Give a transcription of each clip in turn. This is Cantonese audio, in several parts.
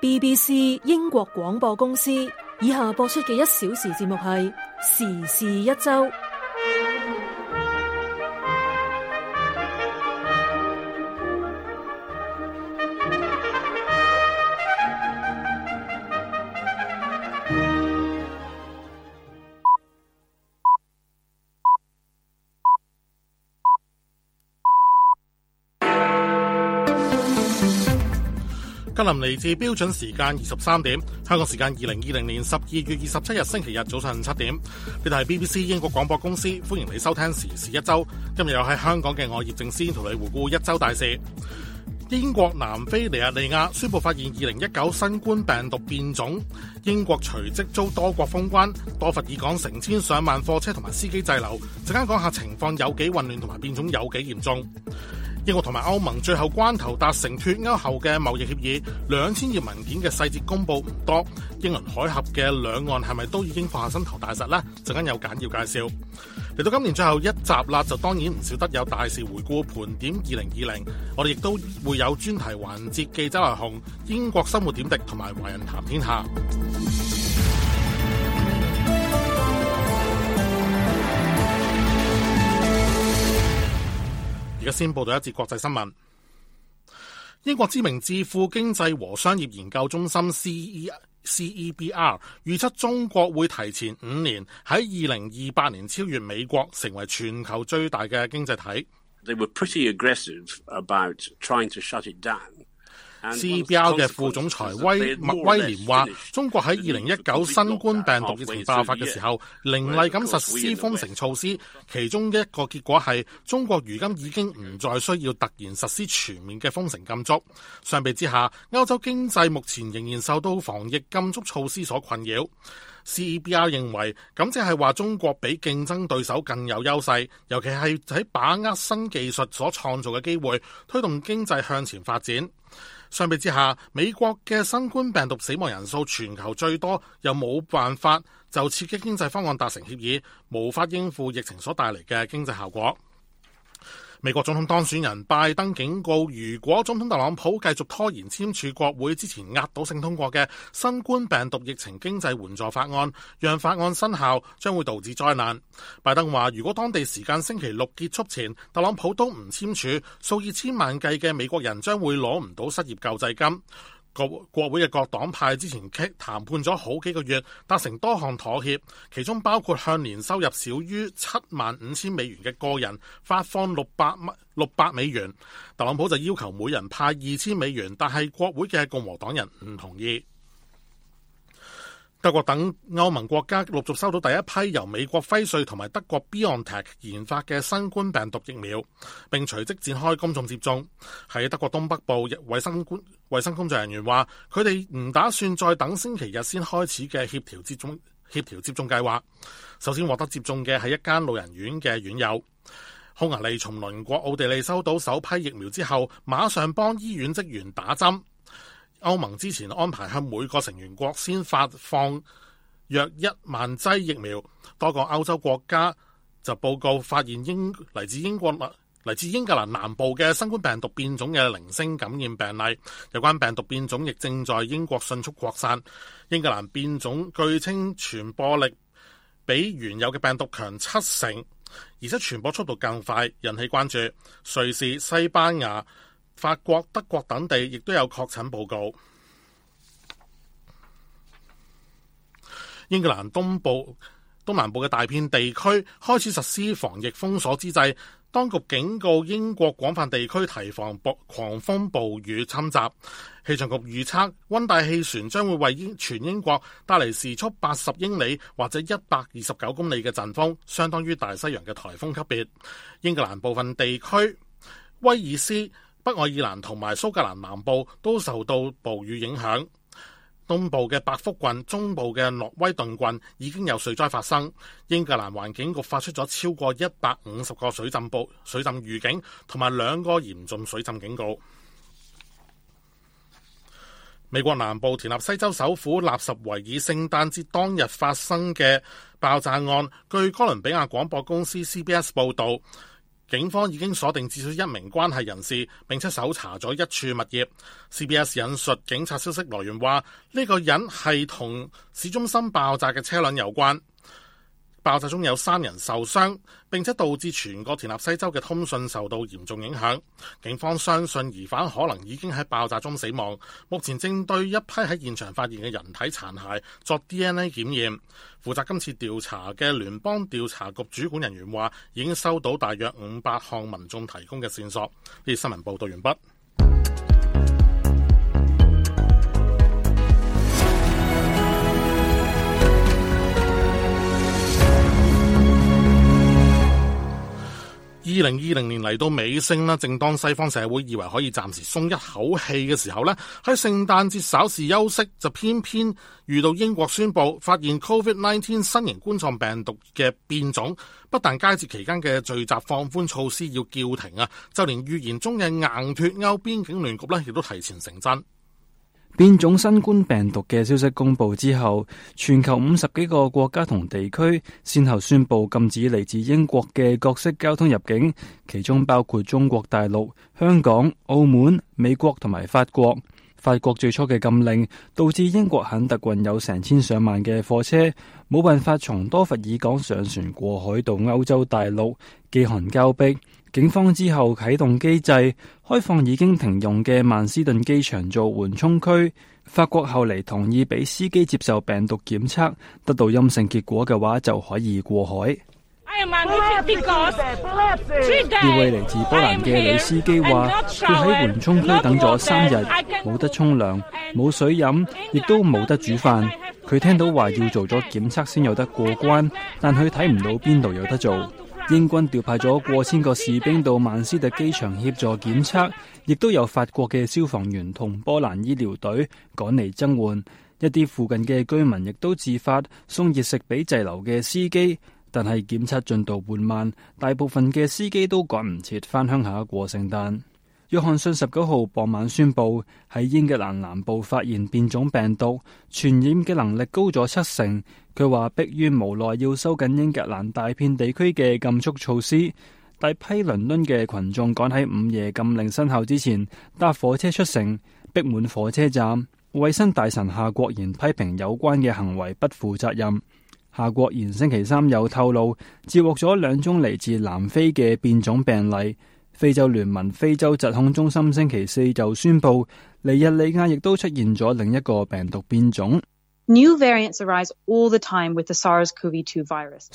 BBC 英國廣播公司以下播出嘅一小時節目係《時事一周》。林嚟自標準時間二十三點，香港時間二零二零年十二月二十七日星期日早上七點。呢度係 BBC 英國廣播公司，歡迎你收聽時事一周。今日又喺香港嘅我葉正先同你回顧一周大事。英國、南非、尼日利亞宣布發現二零一九新冠病毒變種。英國隨即遭多國封關。多佛爾港成千上萬貨車同埋司機滯留。陣間講下情況有幾混亂，同埋變種有幾嚴重。英國同埋歐盟最後關頭達成脫歐後嘅貿易協議，兩千頁文件嘅細節公布唔多。英倫海峽嘅兩岸係咪都已經放下心頭大石呢？陣間有簡要介紹。嚟到今年最後一集啦，就當然唔少得有大事回顧盤點二零二零。我哋亦都會有專題環節，記者來鴻、英國生活點滴同埋華人談天下。先報道一節國際新聞。英國知名智庫經濟和商業研究中心 C E C E B R 預測中國會提前五年喺二零二八年超越美國，成為全球最大嘅經濟體。They were C B R 嘅副總裁威麥威廉話，中國喺二零一九新冠病毒疫情爆發嘅時候，凌厲咁實施封城措施，其中一個結果係中國如今已經唔再需要突然實施全面嘅封城禁足。相比之下，歐洲經濟目前仍然受到防疫禁足措施所困擾。C B R 認為，咁即係話中國比競爭對手更有優勢，尤其係喺把握新技術所創造嘅機會，推動經濟向前發展。相比之下，美國嘅新冠病毒死亡人數全球最多，又冇辦法就刺激經濟方案達成協議，無法應付疫情所帶嚟嘅經濟效果。美國總統當選人拜登警告，如果總統特朗普繼續拖延簽署國會之前壓倒性通過嘅新冠病毒疫情經濟援助法案，讓法案生效將會導致災難。拜登話，如果當地時間星期六結束前特朗普都唔簽署，數以千萬計嘅美國人將會攞唔到失業救濟金。.國國會嘅各黨派之前傾談判咗好幾個月，達成多項妥協，其中包括向年收入少於七萬五千美元嘅個人發放六百蚊六百美元。特朗普就要求每人派二千美元，但係國會嘅共和黨人唔同意。德國等歐盟國家陸續收到第一批由美國輝瑞同埋德國 BioNTech 研發嘅新冠病毒疫苗，並隨即展開公眾接種。喺德國東北部，衛生官衛生工作人員話，佢哋唔打算再等星期日先開始嘅協調接種協調接種計劃。首先獲得接種嘅係一間老人院嘅院友。匈牙利從鄰國奧地利收到首批疫苗之後，馬上幫醫院職員打針。歐盟之前安排向每個成員國先發放約一萬劑疫苗，多個歐洲國家就報告發現英嚟自英國、嚟自英格蘭南部嘅新冠病毒變種嘅零星感染病例。有關病毒變種亦正在英國迅速擴散。英格蘭變種據稱傳播力比原有嘅病毒強七成，而且傳播速度更快，引起關注。瑞士、西班牙、法國、德國等地亦都有確診報告。英格蘭東部、東南部嘅大片地區開始實施防疫封鎖之際，當局警告英國廣泛地區提防暴狂風暴雨侵襲。氣象局預測溫帶氣旋將會為英全英國帶嚟時速八十英里或者一百二十九公里嘅陣風，相當於大西洋嘅颱風級別。英格蘭部分地區威爾斯。北愛爾蘭同埋蘇格蘭南部都受到暴雨影響，東部嘅白福郡、中部嘅諾威頓郡已經有水災發生。英格蘭環境局發出咗超過一百五十個水浸報、水浸預警同埋兩個嚴重水浸警告。美國南部田納西州首府納什維爾聖誕節當日發生嘅爆炸案，據哥倫比亞廣播公司 CBS 報道。警方已經鎖定至少一名關係人士，並且搜查咗一處物業，CBS 引述警察消息來源話呢、這個人係同市中心爆炸嘅車輛有關。爆炸中有三人受傷，並且導致全國田納西州嘅通訊受到嚴重影響。警方相信疑犯可能已經喺爆炸中死亡，目前正對一批喺現場發現嘅人體殘骸作 DNA 檢驗。負責今次調查嘅聯邦調查局主管人員話，已經收到大約五百項民眾提供嘅線索。呢個新聞報道完畢。二零二零年嚟到尾聲啦，正當西方社會以為可以暫時鬆一口氣嘅時候呢，喺聖誕節稍事休息，就偏偏遇到英國宣布發現 Covid nineteen 新型冠狀病毒嘅變種，不但佳節期間嘅聚集放寬措施要叫停啊，就連預言中嘅硬脫歐邊境聯局呢，亦都提前成真。變種新冠病毒嘅消息公布之後，全球五十幾個國家同地區先後宣布禁止嚟自英國嘅各式交通入境，其中包括中國大陸、香港、澳門、美國同埋法國。法國最初嘅禁令導致英國肯特郡有成千上萬嘅貨車冇辦法從多佛爾港上船過海到歐洲大陸，饑寒交迫。警方之後啟動機制，開放已經停用嘅曼斯頓機場做緩衝區。法國後嚟同意俾司機接受病毒檢測，得到陰性結果嘅話就可以過海。呢位嚟自波蘭嘅女司機話，要喺緩衝區等咗三日，冇得沖涼，冇水飲，亦都冇得煮飯。佢聽到話要做咗檢測先有得過關，但佢睇唔到邊度有得做。英軍調派咗過千個士兵到曼斯特機場協助檢測，亦都有法國嘅消防員同波蘭醫療隊趕嚟增援。一啲附近嘅居民亦都自發送熱食俾滯留嘅司機，但係檢測進度緩慢，大部分嘅司機都趕唔切返鄉下過聖誕。約翰遜十九號傍晚宣布，喺英格蘭南部發現變種病毒傳染嘅能力高咗七成。佢話迫於無奈要收緊英格蘭大片地區嘅禁足措施。大批倫敦嘅群眾趕喺午夜禁令生效之前搭火車出城，逼滿火車站。衛生大臣夏國賢批評有關嘅行為不負責任。夏國賢星期三又透露，接獲咗兩宗嚟自南非嘅變種病例。非洲聯盟非洲疾控中心星，星期四就宣布，尼日利亞亦都出現咗另一個病毒變種。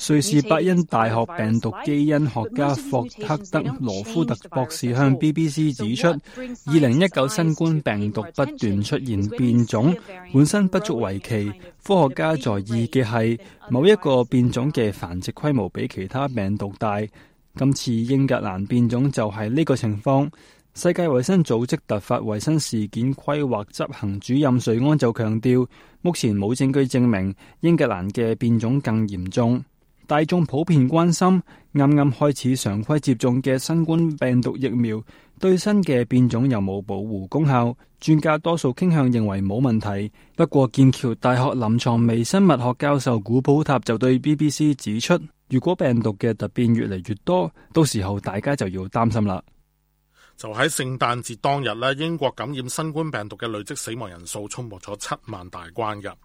瑞士伯恩大學病毒基因學家霍克德羅夫特博士向 BBC 指出，二零一九新冠病毒不斷出現變種，本身不足為奇。科學家在意嘅係，某一個變種嘅繁殖規模比其他病毒大。今次英格蘭變種就係呢個情況。世界衞生組織突發衞生事件規劃執行主任瑞安就強調，目前冇證據證明英格蘭嘅變種更嚴重。大眾普遍關心，啱啱開始常規接種嘅新冠病毒疫苗對新嘅變種有冇保護功效？專家多數傾向認為冇問題。不過劍橋大學臨床微生物學教授古普塔就對 BBC 指出：如果病毒嘅突變越嚟越多，到時候大家就要擔心啦。就喺聖誕節當日咧，英國感染新冠病毒嘅累積死亡人數沖破咗七萬大關噶。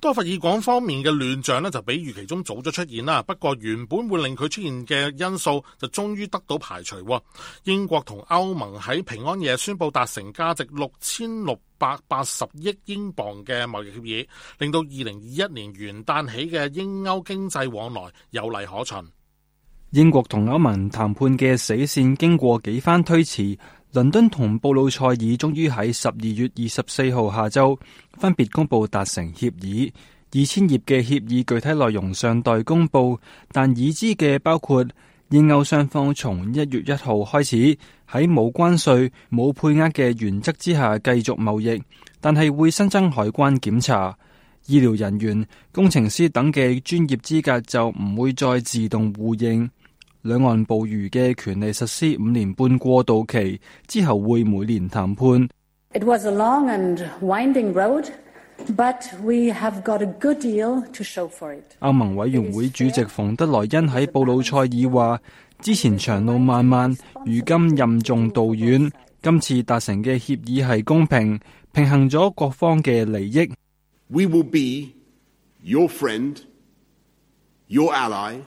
多佛爾港方面嘅亂象呢，就比預期中早咗出現啦。不過原本會令佢出現嘅因素，就終於得到排除。英國同歐盟喺平安夜宣布達成價值六千六百八十億英鎊嘅貿易協議，令到二零二一年元旦起嘅英歐經濟往來有例可循。英國同歐盟談判嘅死線經過幾番推遲。倫敦同布魯塞爾終於喺十二月二十四號下晝分別公布達成協議，二千頁嘅協議具體內容尚待公布，但已知嘅包括英歐雙方從一月一號開始喺冇關稅、冇配額嘅原則之下繼續貿易，但係會新增海關檢查、醫療人員、工程師等嘅專業資格就唔會再自動互認。兩岸捕魚嘅權利實施五年半過渡期之後，會每年談判。It was a long and winding road, but we have got a good deal to show for it. 歐盟委員會主席馮德萊恩喺布魯塞爾話，之前長路漫漫，如今任重道遠。今次達成嘅協議係公平，平衡咗各方嘅利益。We will be your friend, your ally.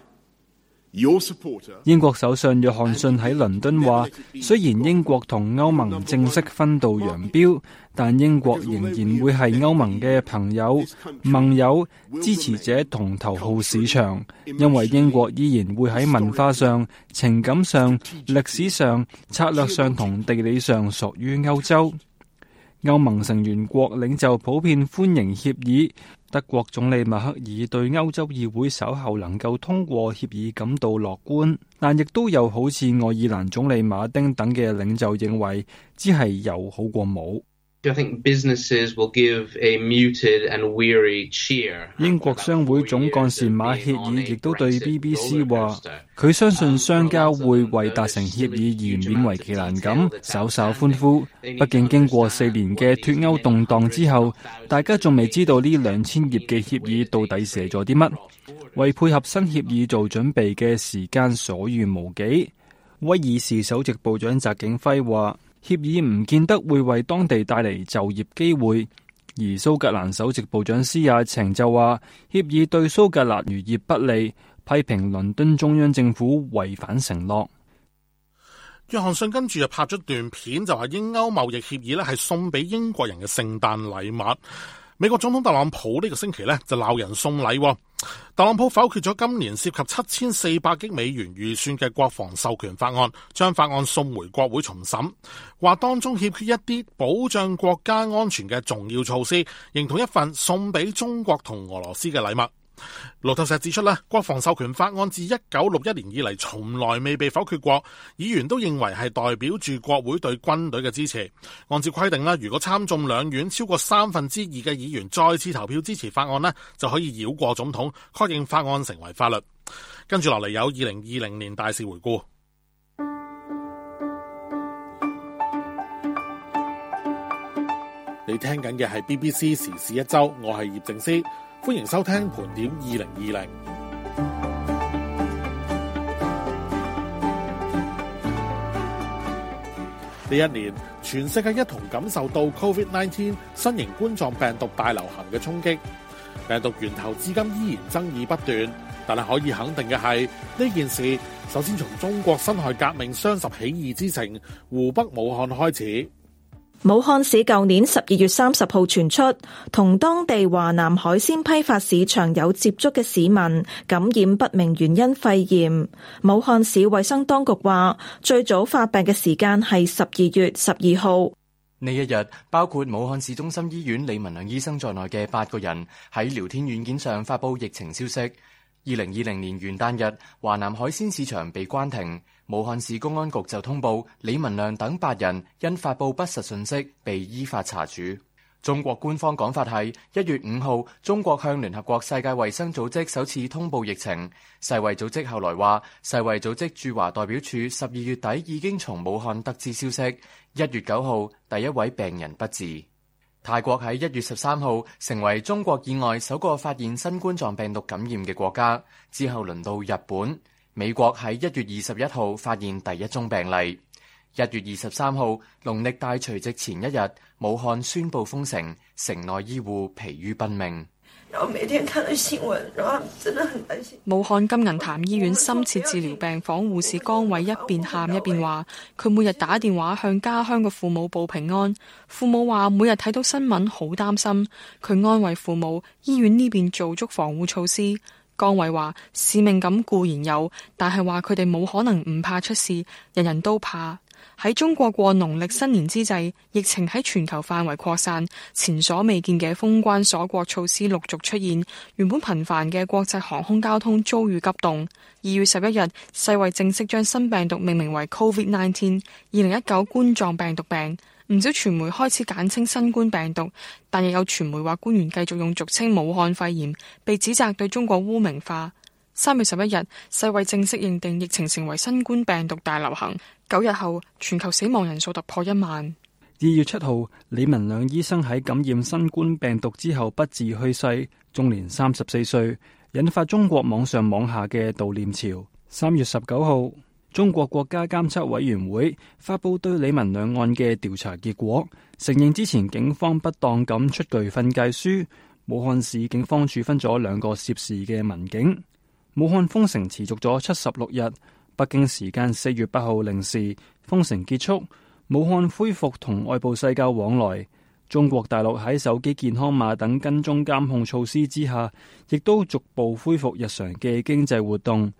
英國首相約翰遜喺倫敦話：雖然英國同歐盟正式分道揚鑣，但英國仍然會係歐盟嘅朋友、盟友、支持者同頭號市場，因為英國依然會喺文化上、情感上、歷史上、策略上同地理上屬於歐洲。歐盟成員國領袖普遍歡迎協議。德國總理默克爾對歐洲議會稍後能夠通過協議感到樂觀，但亦都有好似愛爾蘭總理馬丁等嘅領袖認為，只係有好過冇。I think businesses will give a muted and weary cheer. 英國商會總幹事馬歇爾亦都對 BBC 話，佢相信商家會為達成協議而勉為其難咁稍稍歡呼。畢竟經過四年嘅脱歐動盪之後，大家仲未知道呢兩千頁嘅協議到底寫咗啲乜。為配合新協議做準備嘅時間所餘無幾，威爾士首席部長翟景輝話。協議唔見得會為當地帶嚟就業機會，而蘇格蘭首席部長施亞晴就話：協議對蘇格蘭漁業不利，批評倫敦中央政府違反承諾。約翰遜跟住又拍咗段片，就話英歐貿易協議呢係送俾英國人嘅聖誕禮物。美國總統特朗普呢個星期咧就鬧人送禮，特朗普否決咗今年涉及七千四百億美元預算嘅國防授權法案，將法案送回國會重審，話當中欠缺一啲保障國家安全嘅重要措施，形同一份送俾中國同俄羅斯嘅禮物。路透社指出啦，國防授權法案自一九六一年以嚟，從來未被否決過。議員都認為係代表住國會對軍隊嘅支持。按照規定咧，如果參眾兩院超過三分之二嘅議員再次投票支持法案咧，就可以繞過總統確認法案成為法律。跟住落嚟有二零二零年大事回顧。你聽緊嘅係 BBC 時事一周，我係葉正思。歡迎收聽盤點二零二零。呢一年，全世界一同感受到 COVID-19 新型冠狀病毒大流行嘅衝擊。病毒源頭至今依然爭議不斷，但係可以肯定嘅係，呢件事首先從中國辛亥革命雙十起義之城，湖北武漢開始。武漢市舊年十二月三十號傳出同當地華南海鮮批發市場有接觸嘅市民感染不明原因肺炎。武漢市衛生當局話，最早發病嘅時間係十二月十二號。呢一日包括武漢市中心醫院李文亮醫生在內嘅八個人喺聊天軟件上發布疫情消息。二零二零年元旦日，華南海鮮市場被關停，武漢市公安局就通報李文亮等八人因發布不實信息被依法查處。中國官方講法係一月五號，中國向聯合國世界衛生組織首次通報疫情。世衛組織後來話，世衛組織駐華代表處十二月底已經從武漢得知消息。一月九號，第一位病人不治。泰國喺一月十三號成為中國以外首個發現新冠狀病毒感染嘅國家，之後輪到日本、美國喺一月二十一號發現第一宗病例。一月二十三號，農曆大除夕前一日，武漢宣布封城，城內醫護疲於奔命。然後每天看到新聞，然後真的很擔心。武漢金銀潭醫院深切治療病房護士江偉一邊喊一邊話：，佢 每日打電話向家鄉嘅父母報平安。父母話每日睇到新聞好擔心，佢安慰父母：，醫院呢邊做足防護措施。江偉話：使命感固然有，但係話佢哋冇可能唔怕出事，人人都怕。喺中國過農曆新年之際，疫情喺全球範圍擴散，前所未見嘅封關鎖國措施陸續出現。原本頻繁嘅國際航空交通遭遇急凍。二月十一日，世衛正式將新病毒命名為 Covid Nineteen，二零一九冠狀病毒病。唔少傳媒開始簡稱新冠病毒，但亦有傳媒或官員繼續用俗稱武漢肺炎，被指責對中國污名化。三月十一日，世衛正式認定疫情成為新冠病毒大流行。九日後，全球死亡人數突破一萬。二月七號，李文亮醫生喺感染新冠病毒之後不治去世，終年三十四歲，引發中國網上網下嘅悼念潮。三月十九號，中國國家監測委員會發布對李文亮案嘅調查結果，承認之前警方不當咁出具訓誡書。武漢市警方處分咗兩個涉事嘅民警。武漢封城持續咗七十六日。北京時間四月八號零時，封城結束，武漢恢復同外部世界往來。中國大陸喺手機健康碼等跟蹤監控措施之下，亦都逐步恢復日常嘅經濟活動。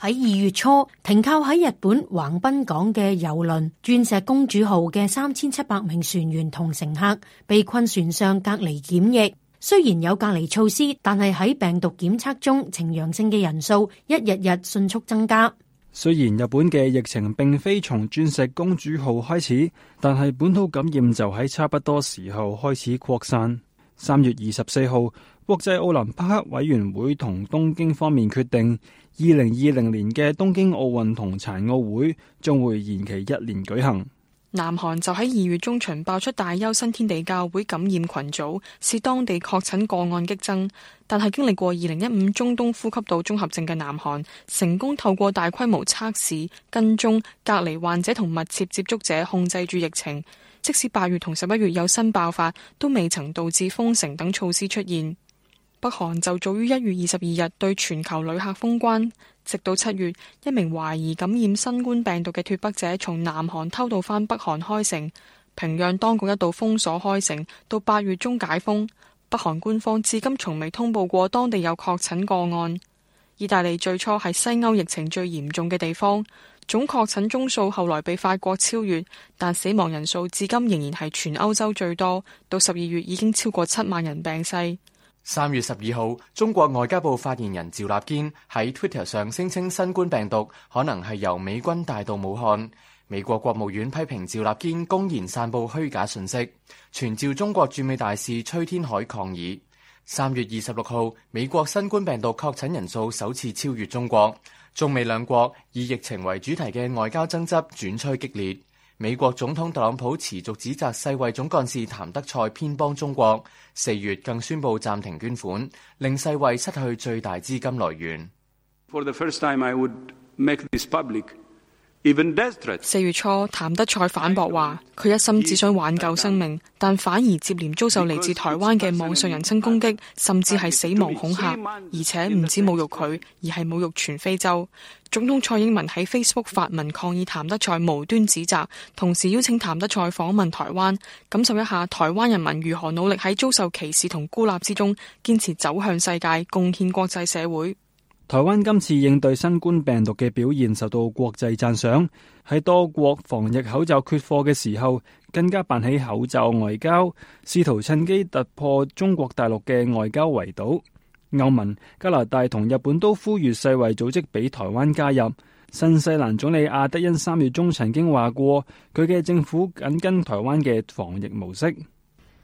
喺二月初，停靠喺日本橫濱港嘅郵輪鑽石公主號嘅三千七百名船員同乘客被困船上隔離檢疫。雖然有隔離措施，但係喺病毒檢測中呈陽性嘅人數一日日迅速增加。雖然日本嘅疫情並非從鑽石公主號開始，但係本土感染就喺差不多時候開始擴散。三月二十四號，國際奧林匹克委員會同東京方面決定，二零二零年嘅東京奧運同殘奧會將會延期一年舉行。南韓就喺二月中旬爆出大邱新天地教會感染群組，使當地確診個案激增。但係經歷過二零一五中東呼吸道綜合症嘅南韓，成功透過大規模測試、跟蹤、隔離患者同密切接觸者，控制住疫情。即使八月同十一月有新爆發，都未曾導致封城等措施出現。北韓就早於一月二十二日對全球旅客封關。直到七月，一名懷疑感染新冠病毒嘅脫北者從南韓偷渡返北韓開城，平壤當局一度封鎖開城，到八月中解封。北韓官方至今從未通報過當地有確診個案。意大利最初係西歐疫情最嚴重嘅地方，總確診宗數後來被法國超越，但死亡人數至今仍然係全歐洲最多。到十二月已經超過七萬人病逝。三月十二號，中國外交部發言人趙立堅喺 Twitter 上聲稱新冠病毒可能係由美軍帶到武漢。美國國務院批評趙立堅公然散布虛假信息，傳召中國駐美大使崔天凱抗議。三月二十六號，美國新冠病毒確診人數首次超越中國，中美兩國以疫情為主題嘅外交爭執轉趨激烈。美國總統特朗普持續指責世衛總幹事譚德賽偏幫中國，四月更宣布暫停捐款，令世衛失去最大資金來源。四月初，譚德塞反駁話：佢一心只想挽救生命，但反而接連遭受嚟自台灣嘅網上人身攻擊，甚至係死亡恐嚇，而且唔止侮辱佢，而係侮辱全非洲。總統蔡英文喺 Facebook 發文抗議譚德塞無端指責，同時邀請譚德塞訪問台灣，感受一下台灣人民如何努力喺遭受歧視同孤立之中，堅持走向世界，貢獻國際社會。台灣今次應對新冠病毒嘅表現受到國際讚賞，喺多國防疫口罩缺貨嘅時候，更加辦起口罩外交，試圖趁機突破中國大陸嘅外交圍堵。歐盟、加拿大同日本都呼籲世衛組織俾台灣加入。新西蘭總理阿德恩三月中曾經話過，佢嘅政府緊跟台灣嘅防疫模式。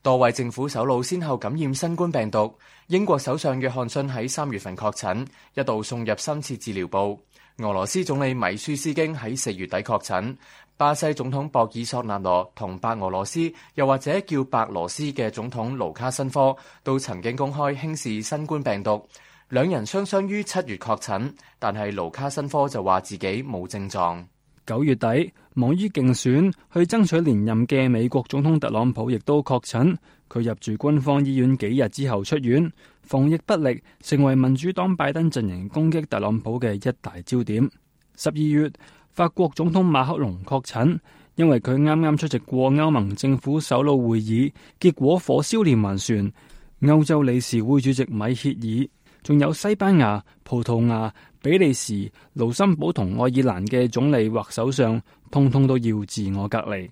多位政府首腦先後感染新冠病毒，英國首相約翰遜喺三月份確診，一度送入深切治療部；俄羅斯總理米舒斯京喺四月底確診，巴西總統博爾索納羅同白俄羅斯（又或者叫白羅斯）嘅總統盧卡申科都曾經公開輕視新冠病毒，兩人雙雙於七月確診，但係盧卡申科就話自己冇症狀。九月底，忙於競選去爭取連任嘅美國總統特朗普，亦都確診，佢入住軍方醫院幾日之後出院，防疫不力成為民主黨拜登陣營攻擊特朗普嘅一大焦點。十二月，法國總統馬克龍確診，因為佢啱啱出席過歐盟政府首腦會議，結果火燒連環船。歐洲理事會主席米歇爾，仲有西班牙、葡萄牙、比利時、盧森堡同愛爾蘭嘅總理或首相，通通都要自我隔離。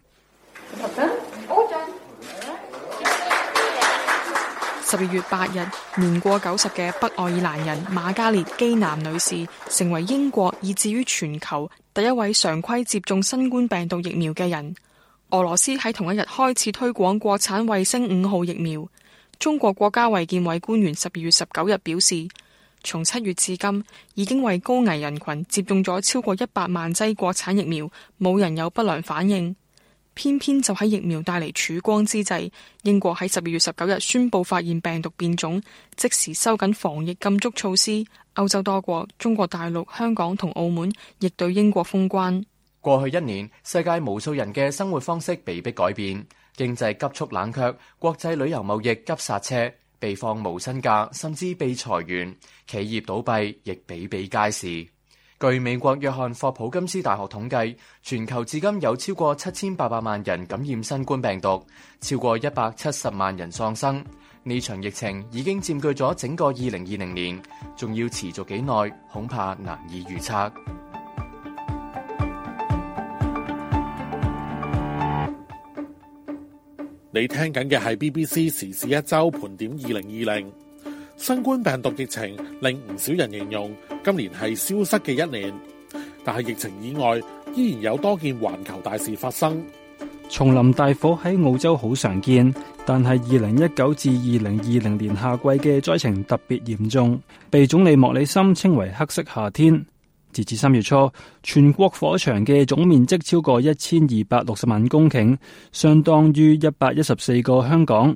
十二月八日，年過九十嘅北愛爾蘭人瑪加列基南女士成為英國以至於全球第一位常規接種新冠病毒疫苗嘅人。俄羅斯喺同一日開始推廣國產衛星五號疫苗。中國國家衛健委官員十二月十九日表示，從七月至今，已經為高危人群接種咗超過一百萬劑國產疫苗，冇人有不良反應。偏偏就喺疫苗帶嚟曙光之際，英國喺十二月十九日宣布發現病毒變種，即時收緊防疫禁足措施。歐洲多國、中國大陸、香港同澳門亦對英國封關。過去一年，世界無數人嘅生活方式被迫改變，經濟急速冷卻，國際旅遊貿易急剎車。被放無薪假，甚至被裁員，企業倒閉亦比比皆是。據美國約翰霍普普金斯大學統計，全球至今有超過七千八百萬人感染新冠病毒，超過一百七十萬人喪生。呢場疫情已經佔據咗整個二零二零年，仲要持續幾耐，恐怕難以預測。你聽緊嘅係 BBC 時事一周盤點二零二零。新冠病毒疫情令唔少人形容今年係消失嘅一年，但係疫情以外，依然有多件環球大事發生。叢林大火喺澳洲好常見，但係二零一九至二零二零年夏季嘅災情特別嚴重，被總理莫里森稱為黑色夏天。截至三月初，全國火場嘅總面積超過一千二百六十萬公頃，相當於一百一十四個香港。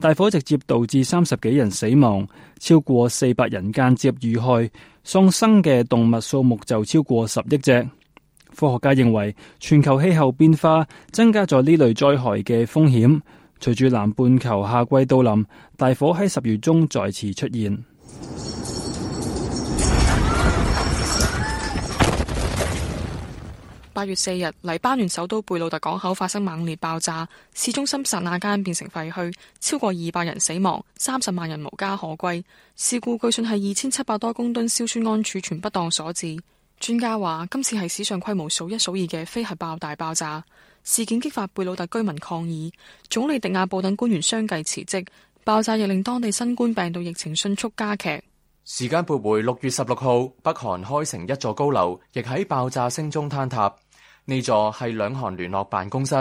大火直接導致三十幾人死亡，超過四百人間接遇害，喪生嘅動物數目就超過十億隻。科學家認為，全球氣候變化增加咗呢類災害嘅風險。隨住南半球夏季到臨，大火喺十月中再次出現。八月四日，黎巴嫩首都貝魯特港口發生猛烈爆炸，市中心剎那間變成廢墟，超過二百人死亡，三十萬人無家可歸。事故據信係二千七百多公噸硝酸銨儲存不當所致。專家話今次係史上規模數一數二嘅非核爆大爆炸事件，激發貝魯特居民抗議，總理迪亞布等官員相繼辭職。爆炸又令當地新冠病毒疫情迅速加劇。時間撥回六月十六號，北韓開城一座高樓，亦喺爆炸聲中坍塌。呢座係兩韓聯絡辦公室。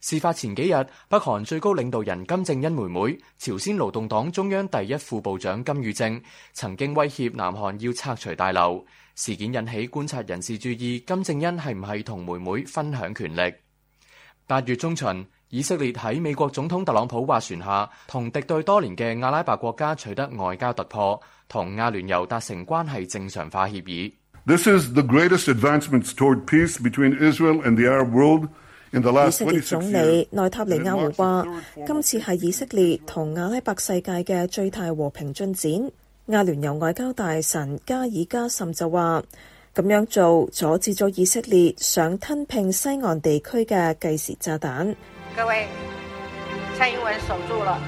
事發前幾日，北韓最高領導人金正恩妹妹朝鮮勞動黨中央第一副部長金宇正曾經威脅南韓要拆除大樓。事件引起觀察人士注意，金正恩係唔係同妹妹分享權力？八月中旬。以色列喺美國總統特朗普斡旋下，同敵對多年嘅阿拉伯國家取得外交突破，同阿聯酋達成關係正常化協議。以色列總理內塔尼亞胡話：今次係以色列同阿拉伯世界嘅最大和平進展。阿聯酋外交大臣加爾加什就話：咁樣做阻止咗以色列想吞併西岸地區嘅計時炸彈。各位，蔡英文守住了。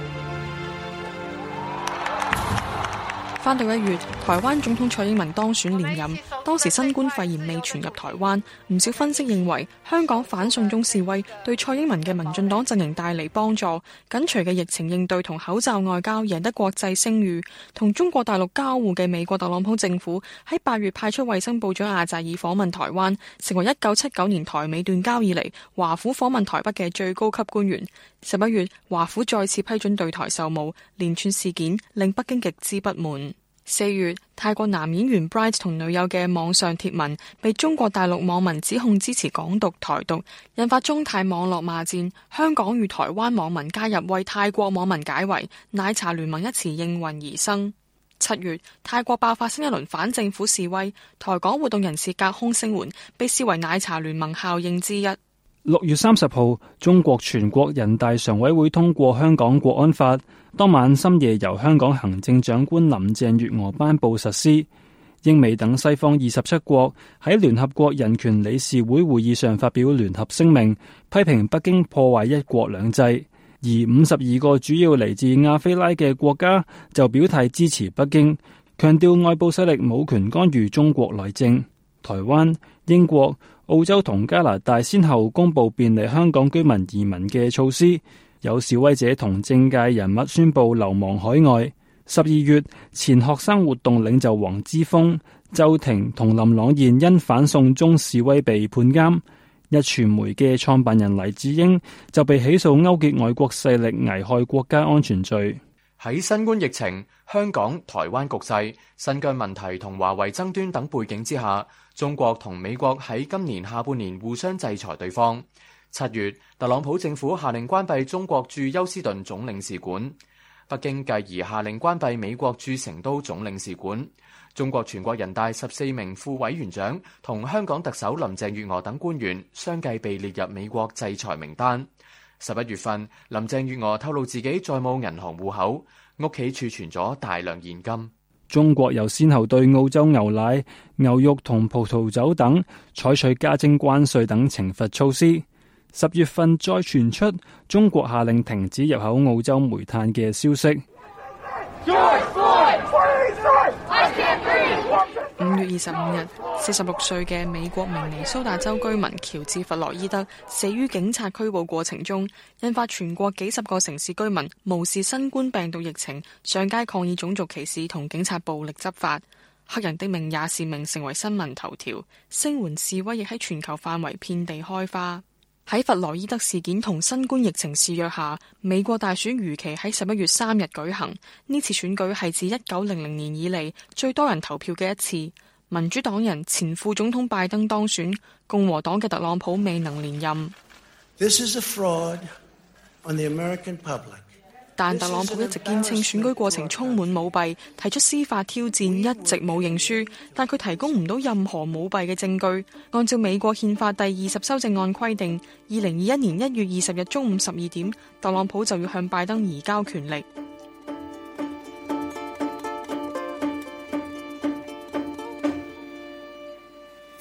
翻到一月，台灣總統蔡英文當選連任，當時新冠肺炎未傳入台灣，唔少分析認為香港反送中示威對蔡英文嘅民進黨陣營帶嚟幫助。緊隨嘅疫情應對同口罩外交贏得國際聲譽，同中國大陸交互嘅美國特朗普政府喺八月派出衛生部長阿扎爾訪問台灣，成為一九七九年台美斷交以嚟華府訪問台北嘅最高級官員，十一月，華府再次批准對台售武，連串事件令北京極之不滿。四月，泰國男演員 Bright 同女友嘅網上貼文被中國大陸網民指控支持港獨、台獨，引發中泰網絡罵戰。香港與台灣網民加入為泰國網民解圍，奶茶聯盟一詞應運而生。七月，泰國爆發新一輪反政府示威，台港活動人士隔空聲援，被視為奶茶聯盟效應之一。六月三十號，中國全國人大常委會通過香港國安法。當晚深夜，由香港行政長官林鄭月娥頒布實施。英美等西方二十七國喺聯合國人權理事會會議上發表聯合聲明，批評北京破壞一國兩制。而五十二個主要嚟自亞非拉嘅國家就表態支持北京，強調外部勢力冇權干預中國內政。台灣、英國、澳洲同加拿大先後公布便利香港居民移民嘅措施。有示威者同政界人物宣布流亡海外。十二月，前學生活動領袖黃之鋒、周庭同林朗彥因反送中示威被判監。壹傳媒嘅創辦人黎智英就被起訴勾結外國勢力危害國家安全罪。喺新冠疫情、香港、台灣局勢、新疆問題同華為爭端等背景之下，中國同美國喺今年下半年互相制裁對方。七月，特朗普政府下令關閉中國駐休斯頓總領事館，北京繼而下令關閉美國駐成都總領事館。中國全國人大十四名副委員長同香港特首林鄭月娥等官員相繼被列入美國制裁名單。十一月份，林鄭月娥透露自己再冇銀行戶口，屋企儲存咗大量現金。中國又先後對澳洲牛奶、牛肉同葡萄酒等採取加徵關稅等懲罰措施。十月份再傳出中國下令停止入口澳洲煤炭嘅消息。五月二十五日，四十六歲嘅美國明尼蘇達州居民喬治弗洛伊德死於警察拘捕過程中，引發全國幾十個城市居民無視新冠病毒疫情，上街抗議種族歧視同警察暴力執法。黑人的命也是命，成為新聞頭條。聲援示威亦喺全球範圍遍地開花。喺弗洛伊德事件同新冠疫情肆虐下，美國大選如期喺十一月三日舉行。呢次選舉係自一九零零年以來最多人投票嘅一次。民主黨人前副總統拜登當選，共和黨嘅特朗普未能連任。This is a fraud on the 但特朗普一直堅稱選舉過程充滿舞弊，提出司法挑戰，一直冇認輸。但佢提供唔到任何舞弊嘅證據。按照美國憲法第二十修正案規定，二零二一年一月二十日中午十二點，特朗普就要向拜登移交權力。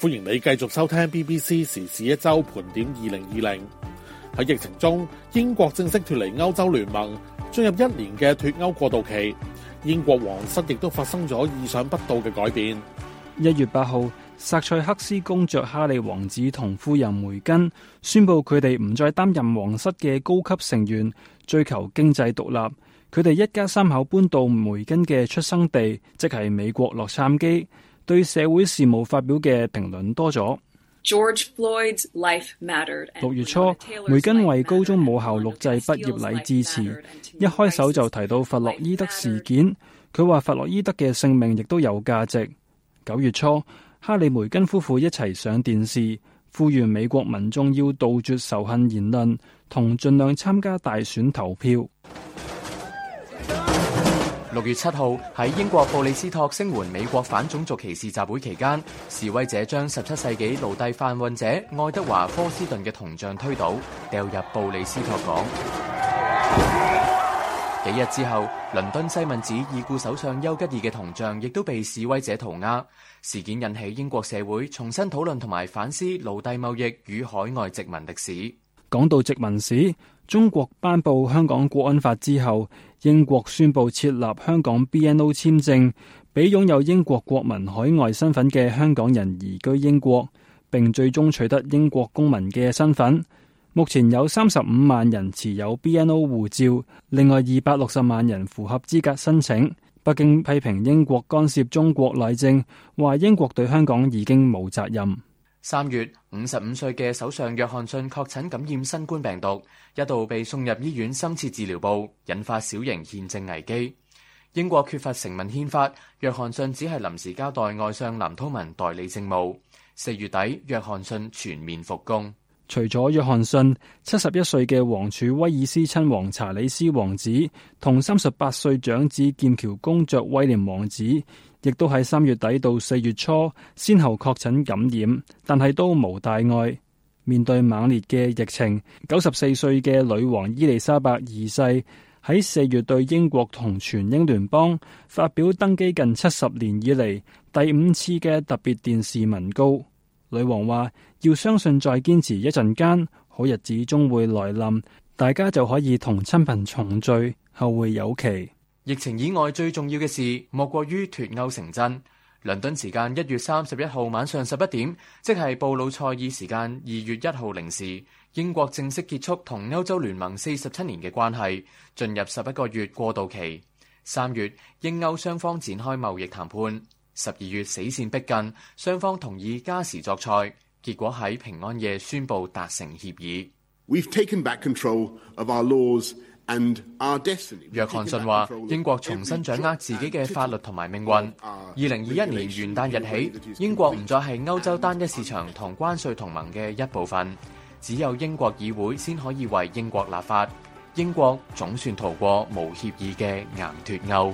歡迎你繼續收聽 BBC 時事一周盤點二零二零。喺疫情中，英國正式脱離歐洲聯盟。進入一年嘅脫歐過渡期，英國皇室亦都發生咗意想不到嘅改變。一月八號，薩塞克斯公爵哈利王子同夫人梅根宣布佢哋唔再擔任皇室嘅高級成員，追求經濟獨立。佢哋一家三口搬到梅根嘅出生地，即係美國洛杉磯，對社會事務發表嘅評論多咗。六月初，梅根為高中母校錄製畢業禮致辭，一開首就提到弗洛伊德事件。佢話弗洛伊德嘅性命亦都有價值。九月初，哈里梅根夫婦一齊上電視，呼籲美國民眾要杜絕仇恨言論，同盡量參加大選投票。六月七號喺英國布里斯托聲援美國反種族歧視集會期間，示威者將十七世紀奴隸販運者愛德華科斯頓嘅銅像推倒，掉入布里斯托港。幾日之後倫敦西敏寺已故首相丘吉爾嘅銅像亦都被示威者塗鴉。事件引起英國社會重新討論同埋反思奴隸貿易與海外殖民歷史。講到殖民史，中國頒布香港國安法之後，英國宣佈設立香港 BNO 簽證，俾擁有英國國民海外身份嘅香港人移居英國，并最終取得英國公民嘅身份。目前有三十五萬人持有 BNO 護照，另外二百六十萬人符合資格申請。北京批評英國干涉中國內政，話英國對香港已經冇責任。三月，五十五歲嘅首相約翰遜確診感染新冠病毒，一度被送入醫院深切治療部，引發小型憲政危機。英國缺乏成文憲法，約翰遜只係臨時交代外相藍韜文代理政務。四月底，約翰遜全面復工。除咗約翰遜，七十一歲嘅王儲威爾斯親王查理斯王子同三十八歲長子劍橋公爵威廉王子，亦都喺三月底到四月初，先後確診感染，但係都無大礙。面對猛烈嘅疫情，九十四歲嘅女王伊麗莎白二世喺四月對英國同全英聯邦發表登基近七十年以嚟第五次嘅特別電視文告。女王話：要相信再堅持一陣間，好日子終會來臨，大家就可以同親朋重聚，後會有期。疫情以外最重要嘅事，莫過於脫歐成真。倫敦時間一月三十一號晚上十一點，即係布魯塞爾時間二月一號零時，英國正式結束同歐洲聯盟四十七年嘅關係，進入十一個月過渡期。三月英歐雙方展開貿易談判，十二月死線逼近，雙方同意加時作賽，結果喺平安夜宣布達成協議。We've taken back control of our laws. 約翰遜話：英國重新掌握自己嘅法律同埋命運。二零二一年元旦日起，英國唔再係歐洲單一市場同關稅同盟嘅一部分，只有英國議會先可以為英國立法。英國總算逃過無協議嘅硬脱歐。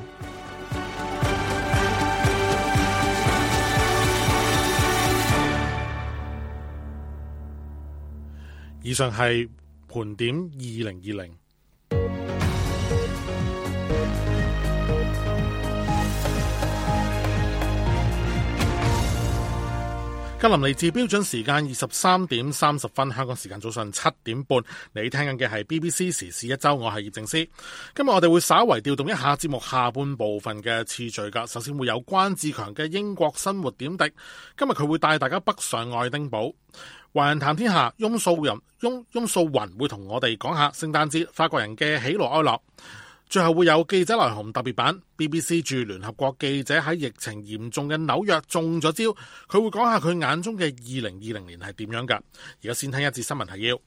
以上係盤點二零二零。格林嚟自標準時間二十三點三十分，香港時間早上七點半。你聽緊嘅係 BBC 時事一周，我係葉正思。今日我哋會稍為調動一下節目下半部分嘅次序㗎。首先會有關志強嘅英國生活點滴。今日佢會帶大家北上愛丁堡。華人談天下，翁素雲翁，翁素雲會同我哋講下聖誕節法國人嘅喜怒哀樂。最後會有記者來鴻特別版，BBC 駐聯合國記者喺疫情嚴重嘅紐約中咗招，佢會講下佢眼中嘅二零二零年係點樣㗎？而家先聽一節新聞提要。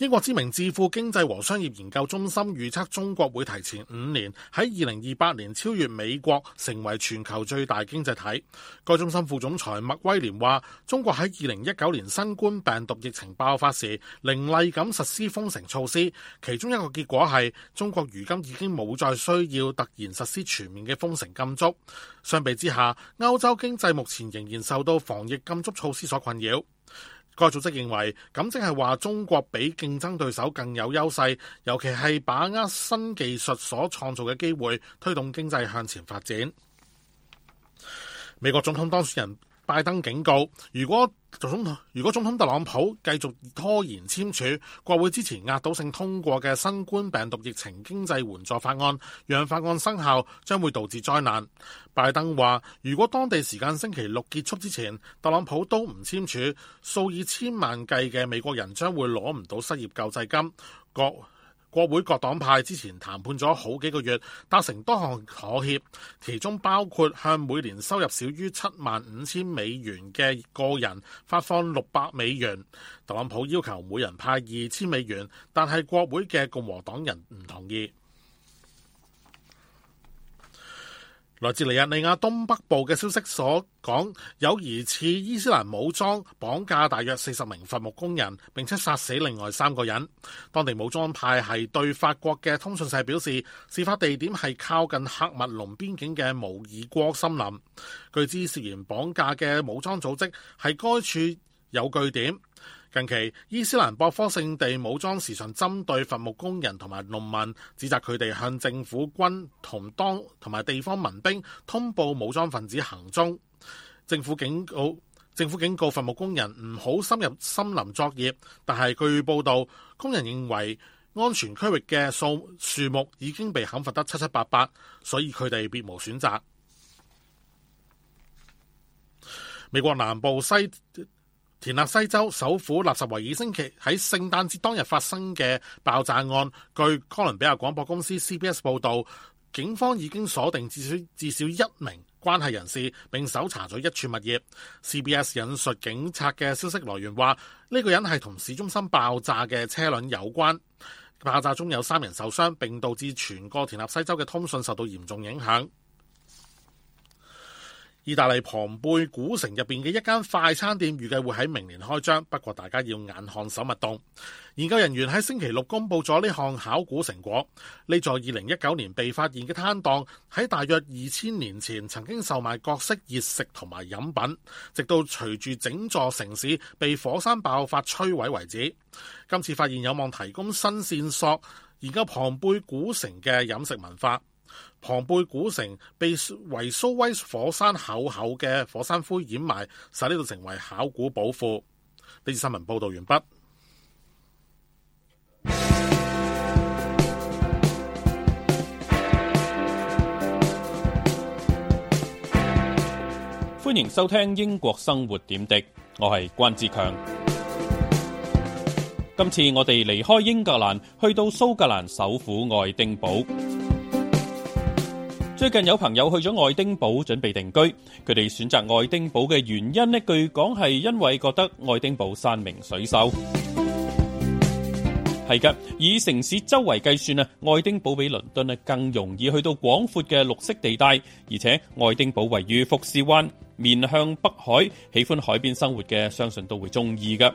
英國知名智庫經濟和商業研究中心預測，中國會提前五年喺二零二八年超越美國，成為全球最大經濟體。該中心副總裁麥威廉話，中國喺二零一九年新冠病毒疫情爆發時，凌厲咁實施封城措施，其中一個結果係中國如今已經冇再需要突然實施全面嘅封城禁足。相比之下，歐洲經濟目前仍然受到防疫禁足措施所困擾。該組織認為，咁即係話中國比競爭對手更有優勢，尤其係把握新技術所創造嘅機會，推動經濟向前發展。美國總統當選人拜登警告：如果總統如果總統特朗普繼續拖延簽署國會之前壓倒性通過嘅新冠病毒疫情經濟援助法案，讓法案生效將會導致災難。拜登話：如果當地時間星期六結束之前，特朗普都唔簽署，數以千萬計嘅美國人將會攞唔到失業救濟金。國國會各黨派之前談判咗好幾個月，達成多項妥協，其中包括向每年收入少於七萬五千美元嘅個人發放六百美元。特朗普要求每人派二千美元，但係國會嘅共和黨人唔同意。來自尼日利亞東北部嘅消息所講，有疑似伊斯蘭武裝綁架大約四十名伐木工人，並且殺死另外三個人。當地武裝派系對法國嘅通訊社表示，事發地點係靠近喀麥隆邊境嘅模爾過森林。據知涉嫌綁架嘅武裝組織喺該處有據點。近期伊斯蘭博科聖地武裝時常針對伐木工人同埋農民，指責佢哋向政府軍同當同埋地方民兵通報武裝分子行蹤。政府警告政府警告伐木工人唔好深入森林作業，但係據報道，工人認為安全區域嘅樹樹木已經被砍伐得七七八八，所以佢哋別無選擇。美國南部西。田納西州首府納什維爾星期喺聖誕節當日發生嘅爆炸案，據哥倫比亞廣播公司 CBS 報道，警方已經鎖定至少至少一名關係人士，並搜查咗一處物業。CBS 引述警察嘅消息來源話，呢、這個人係同市中心爆炸嘅車輛有關。爆炸中有三人受傷，並導致全個田納西州嘅通訊受到嚴重影響。意大利龐貝古城入邊嘅一間快餐店預計會喺明年開張，不過大家要眼看手勿動。研究人員喺星期六公佈咗呢項考古成果，呢座二零一九年被發現嘅攤檔喺大約二千年前曾經售賣各式熱食同埋飲品，直到隨住整座城市被火山爆發摧毀為止。今次發現有望提供新線索，研究龐貝古城嘅飲食文化。龐貝古城被維蘇威火山厚厚嘅火山灰掩埋，使呢度成為考古寶庫。呢次新聞報道完畢。歡迎收聽英國生活點滴，我係關智強。今次我哋離開英格蘭，去到蘇格蘭首府愛丁堡。最近有朋友去咗愛丁堡準備定居，佢哋選擇愛丁堡嘅原因咧，據講係因為覺得愛丁堡山明水秀。係㗎，以城市周圍計算啊，愛丁堡比倫敦啊更容易去到廣闊嘅綠色地帶，而且愛丁堡位於福斯灣，面向北海，喜歡海邊生活嘅，相信都會中意噶。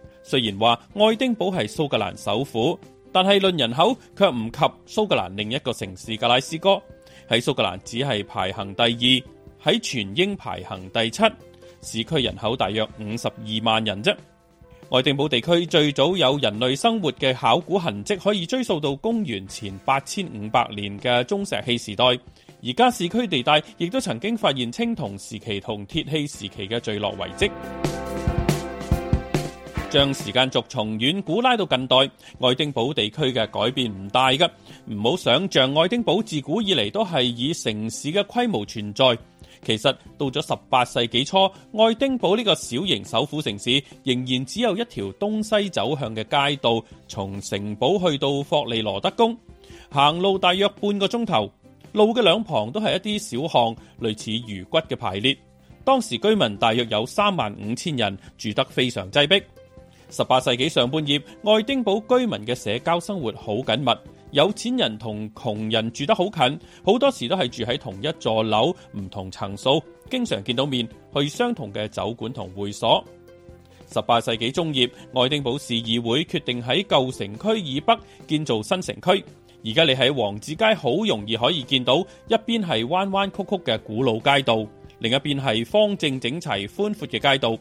雖然話愛丁堡係蘇格蘭首府，但係論人口卻唔及蘇格蘭另一個城市格拉斯哥，喺蘇格蘭只係排行第二，喺全英排行第七，市區人口大約五十二萬人啫。愛丁堡地區最早有人類生活嘅考古痕跡，可以追溯到公元前八千五百年嘅中石器時代，而家市區地帶亦都曾經發現青銅時期同鐵器時期嘅聚落遺跡。將時間軸從遠古拉到近代，愛丁堡地區嘅改變唔大嘅。唔好想象，愛丁堡自古以嚟都係以城市嘅規模存在。其實到咗十八世紀初，愛丁堡呢個小型首府城市仍然只有一條東西走向嘅街道，從城堡去到霍利羅德宮，行路大約半個鐘頭。路嘅兩旁都係一啲小巷，類似魚骨嘅排列。當時居民大約有三萬五千人，住得非常擠逼。十八世紀上半葉，愛丁堡居民嘅社交生活好緊密，有錢人同窮人住得好近，好多時都係住喺同一座樓，唔同層數，經常見到面，去相同嘅酒館同會所。十八世紀中葉，愛丁堡市議會決定喺舊城區以北建造新城區。而家你喺王子街，好容易可以見到一邊係彎彎曲曲嘅古老街道，另一邊係方正整齊寬闊嘅街道。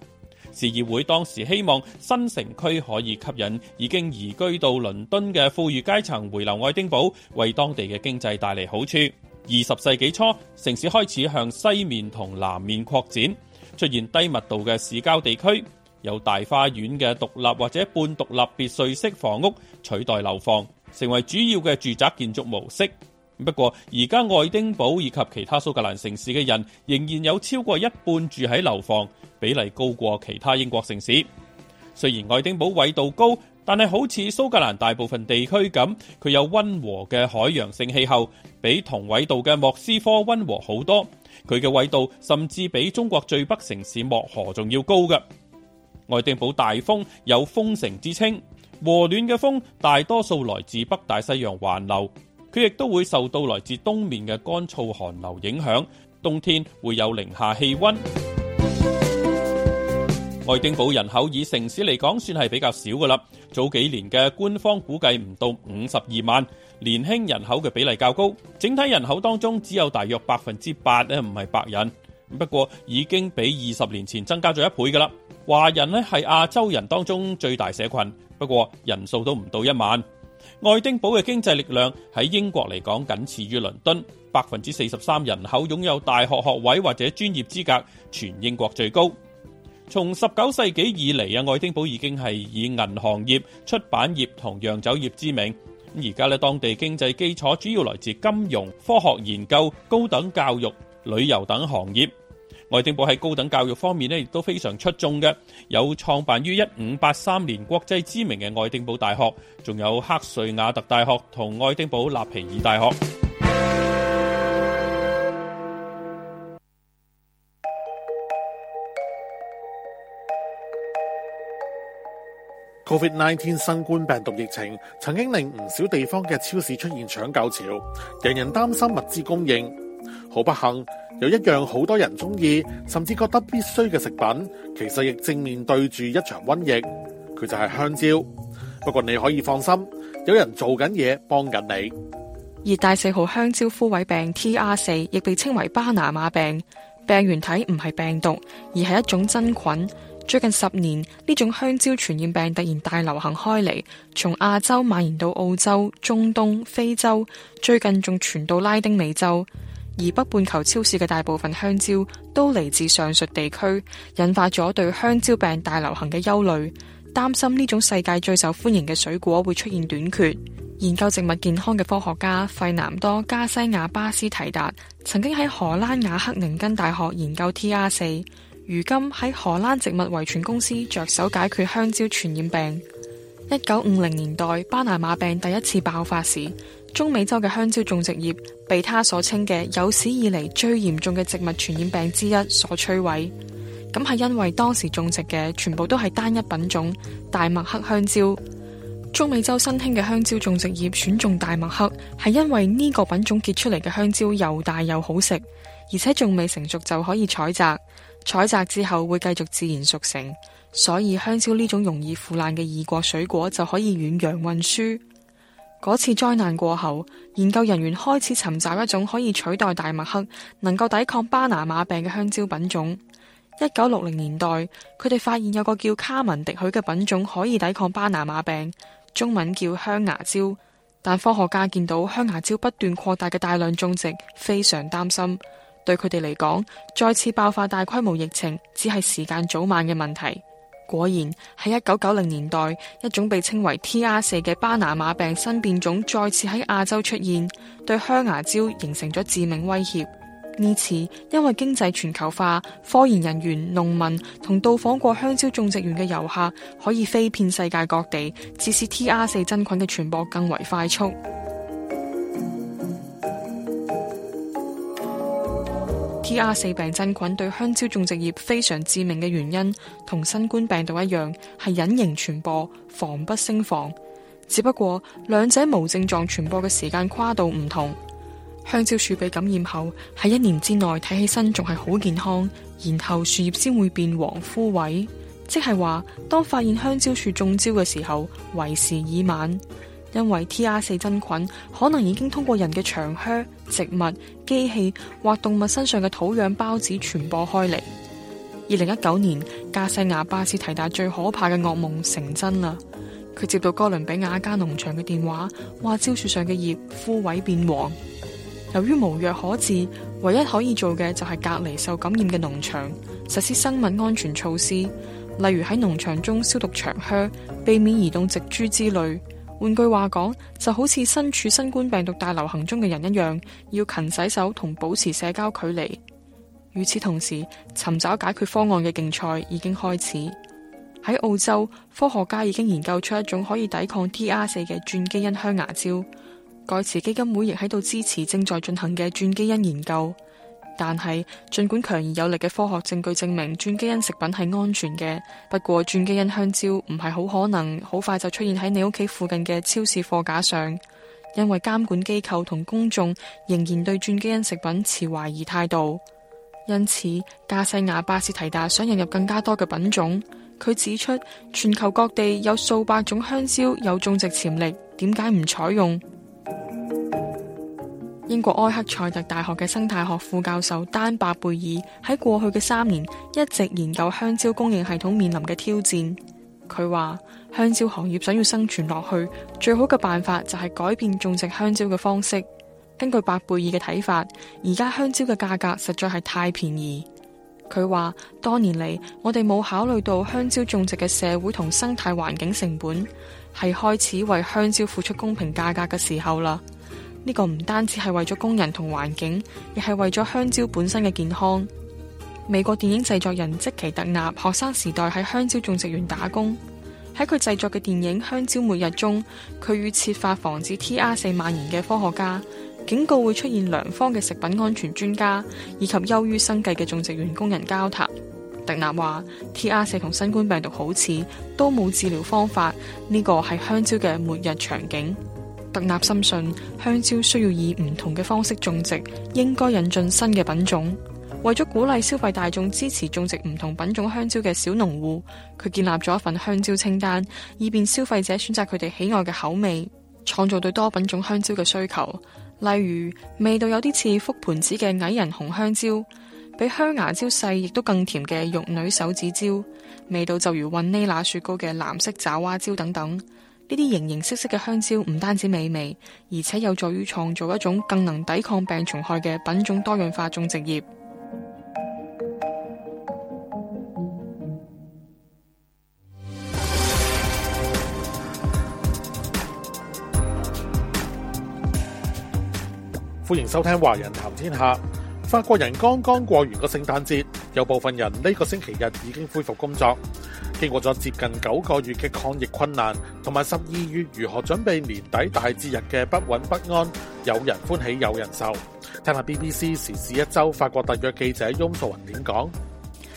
市議會當時希望新城區可以吸引已經移居到倫敦嘅富裕階層回流愛丁堡，為當地嘅經濟帶嚟好處。二十世紀初，城市開始向西面同南面擴展，出現低密度嘅市郊地區，有大花園嘅獨立或者半獨立別墅式房屋取代樓房，成為主要嘅住宅建築模式。不過，而家愛丁堡以及其他蘇格蘭城市嘅人仍然有超過一半住喺樓房，比例高過其他英國城市。雖然愛丁堡緯度高，但係好似蘇格蘭大部分地區咁，佢有溫和嘅海洋性氣候，比同緯度嘅莫斯科溫和好多。佢嘅緯度甚至比中國最北城市漠河仲要高嘅。愛丁堡大風，有風城之稱，和暖嘅風大多數來自北大西洋環流。佢亦都會受到來自東面嘅乾燥寒流影響，冬天會有零下氣温。愛丁堡人口以城市嚟講，算係比較少噶啦。早幾年嘅官方估計唔到五十二萬，年輕人口嘅比例較高，整體人口當中只有大約百分之八咧唔係白人，不過已經比二十年前增加咗一倍噶啦。華人呢係亞洲人當中最大社群，不過人數都唔到一萬。愛丁堡嘅經濟力量喺英國嚟講僅次於倫敦，百分之四十三人口擁有大學學位或者專業資格，全英國最高。從十九世紀以嚟啊，愛丁堡已經係以銀行業、出版業同洋酒業知名。而家咧，當地經濟基礎主要來自金融、科學研究、高等教育、旅遊等行業。愛丁堡喺高等教育方面咧，亦都非常出眾嘅，有創辦於一五八三年國際知名嘅愛丁堡大學，仲有赫瑞瓦特大學同愛丁堡納皮爾大學。COVID-19 新冠病毒疫情，曾經令唔少地方嘅超市出現搶購潮，人人擔心物資供應，好不幸。有一樣好多人中意，甚至覺得必須嘅食品，其實亦正面對住一場瘟疫。佢就係香蕉。不過你可以放心，有人做緊嘢幫緊你。熱帶四號香蕉枯萎病 （TR4） 亦被稱為巴拿馬病，病原體唔係病毒，而係一種真菌。最近十年，呢種香蕉傳染病突然大流行開嚟，從亞洲蔓延到澳洲、中東、非洲，最近仲傳到拉丁美洲。而北半球超市嘅大部分香蕉都嚟自上述地區，引發咗對香蕉病大流行嘅憂慮。擔心呢種世界最受歡迎嘅水果會出現短缺。研究植物健康嘅科學家費南多·加西亞·巴斯提達曾經喺荷蘭雅克寧根大學研究 T.R. 四，如今喺荷蘭植物遺傳公司着手解決香蕉傳染病。一九五零年代巴拿馬病第一次爆發時。中美洲嘅香蕉種植業被他所稱嘅有史以嚟最嚴重嘅植物傳染病之一所摧毀，咁係因為當時種植嘅全部都係單一品種大麥克香蕉。中美洲新興嘅香蕉種植業選中大麥克，係因為呢個品種結出嚟嘅香蕉又大又好食，而且仲未成熟，就可以採摘，採摘之後會繼續自然熟成，所以香蕉呢種容易腐爛嘅異國水果就可以遠洋運輸。嗰次災難過後，研究人員開始尋找一種可以取代大麥克，能夠抵抗巴拿馬病嘅香蕉品種。一九六零年代，佢哋發現有個叫卡文迪許嘅品種可以抵抗巴拿馬病，中文叫香牙蕉。但科學家見到香牙蕉不斷擴大嘅大量種植，非常擔心，對佢哋嚟講，再次爆發大規模疫情只係時間早晚嘅問題。果然喺一九九零年代，一種被稱為 TR 四嘅巴拿馬病新變種再次喺亞洲出現，對香牙蕉形成咗致命威脅。呢次因為經濟全球化，科研人員、農民同到訪過香蕉種植園嘅遊客可以飛遍世界各地，致使 TR 四真菌嘅傳播更為快速。TR 四病真菌對香蕉種植業非常致命嘅原因，同新冠病毒一樣，係隱形傳播，防不勝防。只不過兩者無症狀傳播嘅時間跨度唔同。香蕉樹被感染後，喺一年之內睇起身仲係好健康，然後樹葉先會變黃枯萎，即係話，當發現香蕉樹中招嘅時候，為時已晚，因為 TR 四真菌可能已經通過人嘅長靴。植物、機器或動物身上嘅土壤孢子傳播開嚟。二零一九年，加西亞巴斯提達最可怕嘅噩夢成真啦！佢接到哥倫比亞一家農場嘅電話，話蕉樹上嘅葉枯萎變黃。由於無藥可治，唯一可以做嘅就係隔離受感染嘅農場，實施生物安全措施，例如喺農場中消毒長靴，避免移動植株之類。換句話講，就好似身處新冠病毒大流行中嘅人一樣，要勤洗手同保持社交距離。與此同時，尋找解決方案嘅競賽已經開始。喺澳洲，科學家已經研究出一種可以抵抗 TR4 嘅轉基因香牙蕉。蓋茨基金會亦喺度支持正在進行嘅轉基因研究。但係，儘管強而有力嘅科學證據證明轉基因食品係安全嘅，不過轉基因香蕉唔係好可能好快就出現喺你屋企附近嘅超市貨架上，因為監管機構同公眾仍然對轉基因食品持懷疑態度。因此，加西亞巴士提達想引入更加多嘅品種。佢指出，全球各地有數百種香蕉有種植潛力，點解唔採用？英國埃克塞特大學嘅生態學副教授丹伯貝爾喺過去嘅三年一直研究香蕉供應系統面臨嘅挑戰。佢話香蕉行業想要生存落去，最好嘅辦法就係改變種植香蕉嘅方式。根據伯貝爾嘅睇法，而家香蕉嘅價格實在係太便宜。佢話，多年嚟，我哋冇考慮到香蕉種植嘅社會同生態環境成本，係開始為香蕉付出公平價格嘅時候啦。呢個唔單止係為咗工人同環境，亦係為咗香蕉本身嘅健康。美國電影製作人積奇特納，學生時代喺香蕉種植園打工。喺佢製作嘅電影《香蕉末日》中，佢與設法防止 T R 四蔓延嘅科學家警告會出現良方嘅食品安全專家，以及優於生計嘅種植園工人交談。特納話：T R 四同新冠病毒好似，都冇治療方法。呢、這個係香蕉嘅末日場景。特納深信香蕉需要以唔同嘅方式種植，應該引進新嘅品種。為咗鼓勵消費大眾支持種植唔同品種香蕉嘅小農戶，佢建立咗一份香蕉清單，以便消費者選擇佢哋喜愛嘅口味，創造對多品種香蕉嘅需求。例如，味道有啲似覆盆子嘅矮人紅香蕉，比香牙蕉細，亦都更甜嘅玉女手指蕉，味道就如雲呢拿雪糕嘅藍色爪哇蕉等等。呢啲形形色色嘅香蕉唔單止美味，而且有助於創造一種更能抵抗病蟲害嘅品種多樣化種植業。歡迎收聽《華人談天下》。法國人剛剛過完個聖誕節，有部分人呢個星期日已經恢復工作。經過咗接近九個月嘅抗疫困難，同埋十二月如何準備年底大節日嘅不穩不安，有人歡喜有人愁。聽下 BBC 時事一周，法國特約記者翁素云點講：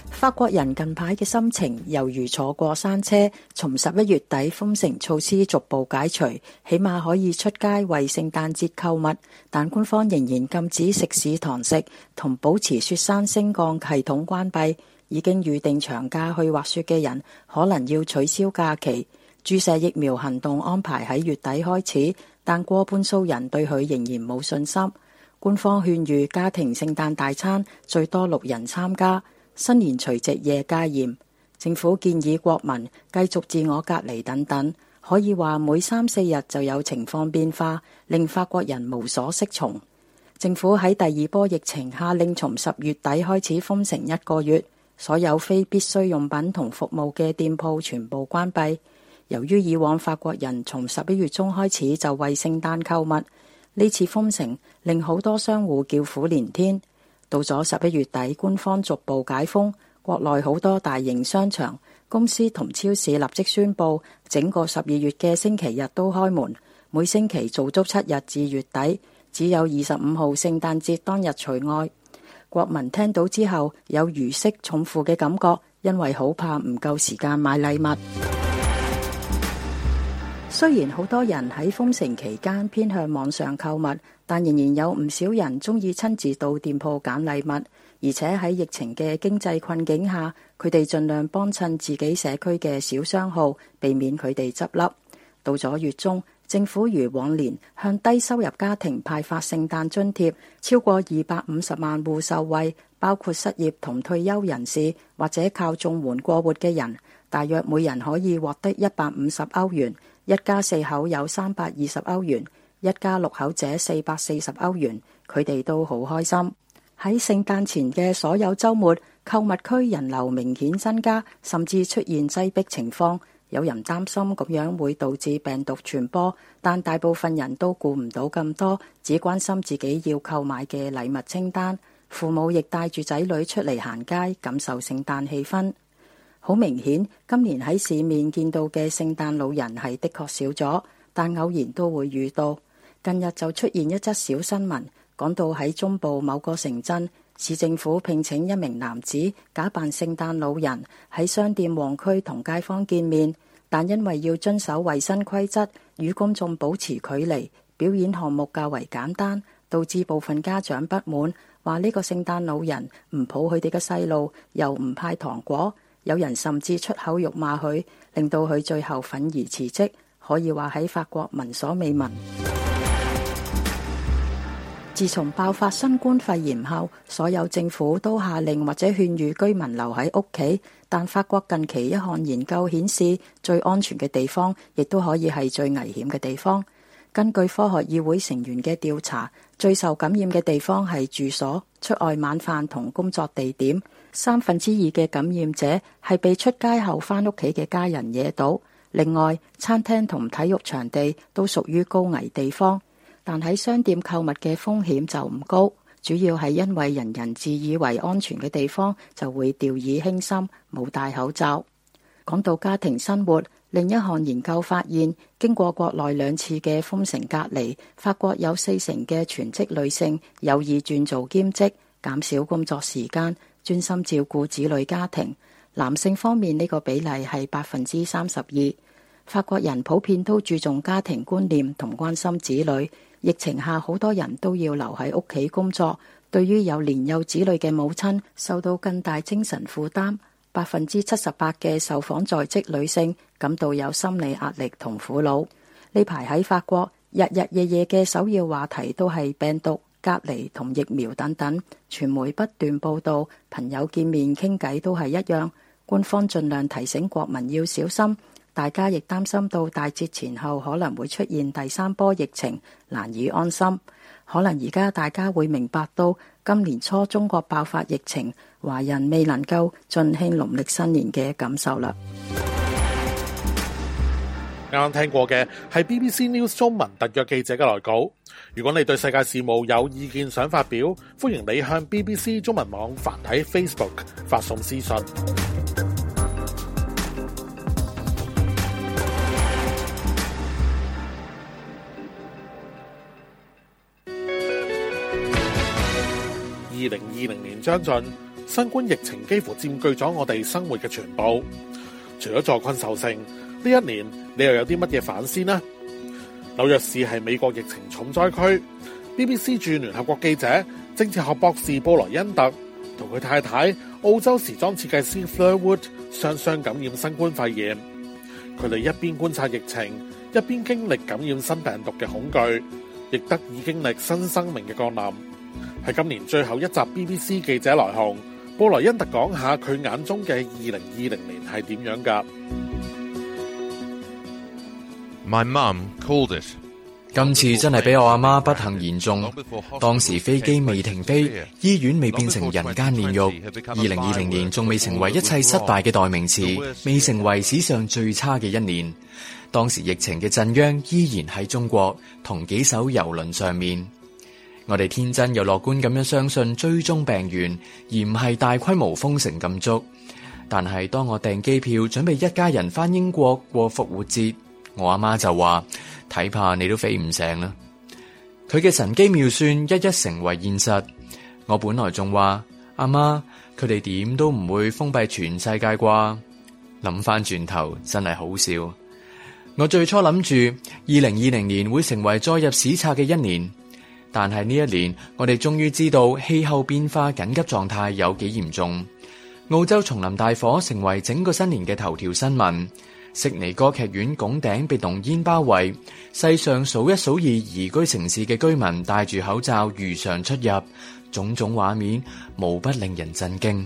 法國人近排嘅心情猶如坐過山車，從十一月底封城措施逐步解除，起碼可以出街為聖誕節購物，但官方仍然禁止食肆堂食同保持雪山升降系統關閉。已經預定長假去滑雪嘅人可能要取消假期。注射疫苗行動安排喺月底開始，但過半數人對佢仍然冇信心。官方勸喻家庭聖誕大餐最多六人參加，新年除夕夜加嚴。政府建議國民繼續自我隔離等等。可以話每三四日就有情況變化，令法國人無所適從。政府喺第二波疫情下令，從十月底開始封城一個月。所有非必需用品同服務嘅店鋪全部關閉。由於以往法國人從十一月中開始就為聖誕購物，呢次封城令好多商戶叫苦連天。到咗十一月底，官方逐步解封，國內好多大型商場、公司同超市立即宣布，整個十二月嘅星期日都開門，每星期做足七日至月底，只有二十五號聖誕節當日除外。國民聽到之後有如釋重負嘅感覺，因為好怕唔夠時間買禮物。 雖然好多人喺封城期間偏向網上購物，但仍然有唔少人鍾意親自到店鋪揀禮物，而且喺疫情嘅經濟困境下，佢哋盡量幫襯自己社區嘅小商號，避免佢哋執笠。到咗月中，政府如往年向低收入家庭派發聖誕津貼，超過二百五十萬戶受惠，包括失業同退休人士或者靠綜援過活嘅人，大約每人可以獲得一百五十歐元，一家四口有三百二十歐元，一家六口者四百四十歐元，佢哋都好開心。喺聖誕前嘅所有周末，購物區人流明顯增加，甚至出現擠逼情況。有人擔心咁樣會導致病毒傳播，但大部分人都顧唔到咁多，只關心自己要購買嘅禮物清單。父母亦帶住仔女出嚟行街，感受聖誕氣氛。好明顯，今年喺市面見到嘅聖誕老人係的確少咗，但偶然都會遇到。近日就出現一則小新聞，講到喺中部某個城鎮。市政府聘請一名男子假扮聖誕老人喺商店旺區同街坊見面，但因為要遵守衛生規則，與公眾保持距離，表演項目較為簡單，導致部分家長不滿，話呢個聖誕老人唔抱佢哋嘅細路，又唔派糖果，有人甚至出口辱罵佢，令到佢最後憤而辭職。可以話喺法國聞所未聞。自從爆發新冠肺炎後，所有政府都下令或者勸喻居民留喺屋企。但法國近期一項研究顯示，最安全嘅地方，亦都可以係最危險嘅地方。根據科學議會成員嘅調查，最受感染嘅地方係住所、出外晚飯同工作地點。三分之二嘅感染者係被出街後翻屋企嘅家人惹到。另外，餐廳同體育場地都屬於高危地方。但喺商店購物嘅風險就唔高，主要係因為人人自以為安全嘅地方就會掉以輕心，冇戴口罩。講到家庭生活，另一項研究發現，經過國內兩次嘅封城隔離，法國有四成嘅全職女性有意轉做兼職，減少工作時間，專心照顧子女家庭。男性方面，呢個比例係百分之三十二。法國人普遍都注重家庭觀念同關心子女。疫情下好多人都要留喺屋企工作，對於有年幼子女嘅母親，受到更大精神負擔。百分之七十八嘅受訪在職女性感到有心理壓力同苦惱。呢排喺法國，日日夜夜嘅首要話題都係病毒、隔離同疫苗等等，傳媒不斷報道，朋友見面傾偈都係一樣，官方盡量提醒國民要小心。大家亦擔心到大節前後可能會出現第三波疫情，難以安心。可能而家大家會明白到今年初中國爆發疫情，華人未能夠盡興農曆新年嘅感受啦。啱啱聽過嘅係 BBC News 中文特約記者嘅來稿。如果你對世界事務有意見想發表，歡迎你向 BBC 中文網繁體 Facebook 發送私信。二零二零年將近，新冠疫情幾乎佔據咗我哋生活嘅全部。除咗坐困愁城，呢一年你又有啲乜嘢反思呢？紐約市係美國疫情重災區。BBC 駐聯合國記者、政治學博士布萊恩特同佢太太澳洲時裝設計師 Fleur Wood 雙雙感染新冠肺炎。佢哋一邊觀察疫情，一邊經歷感染新病毒嘅恐懼，亦得以經歷新生命嘅降臨。係今年最後一集 BBC 記者來鴻，布萊恩特講下佢眼中嘅二零二零年係點樣噶？My mum called it。今次真係俾我阿媽不幸言中，當時飛機未停飛，醫院未變成人間煉獄，二零二零年仲未成為一切失敗嘅代名詞，未成為史上最差嘅一年。當時疫情嘅震央依然喺中國，同幾艘遊輪上面。我哋天真又樂觀咁樣相信追蹤病源，而唔係大規模封城禁足。但係當我訂機票準備一家人翻英國過復活節，我阿媽就話：睇怕你都飛唔成啦！佢嘅神機妙算一一成為現實。我本來仲話阿媽佢哋點都唔會封閉全世界啩。諗翻轉頭真係好笑。我最初諗住二零二零年會成為載入史冊嘅一年。但係呢一年，我哋終於知道氣候變化緊急狀態有幾嚴重。澳洲叢林大火成為整個新年嘅頭條新聞。悉尼歌劇院拱頂被濃煙包圍，世上數一數二宜居城市嘅居民戴住口罩如常出入，種種畫面無不令人震驚。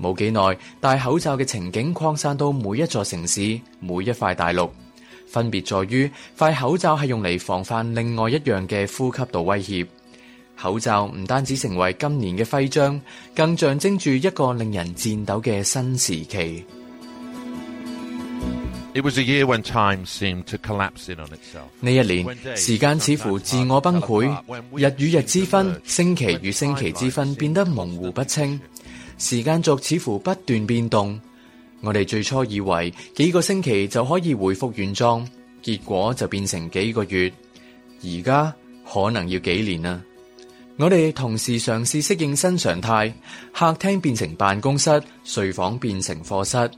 冇幾耐，戴口罩嘅情景擴散到每一座城市、每一塊大陸。分別在於，塊口罩係用嚟防範另外一樣嘅呼吸道威脅。口罩唔單止成為今年嘅徽章，更象徵住一個令人顫抖嘅新時期。呢一年，時間似乎自我崩潰，日與日之分、星期與星期之分變得模糊不清，時間軸似乎不斷變動。我哋最初以為幾個星期就可以回復原狀，結果就變成幾個月，而家可能要幾年啦。我哋同時嘗試適應新常態，客廳變成辦公室，睡房變成課室，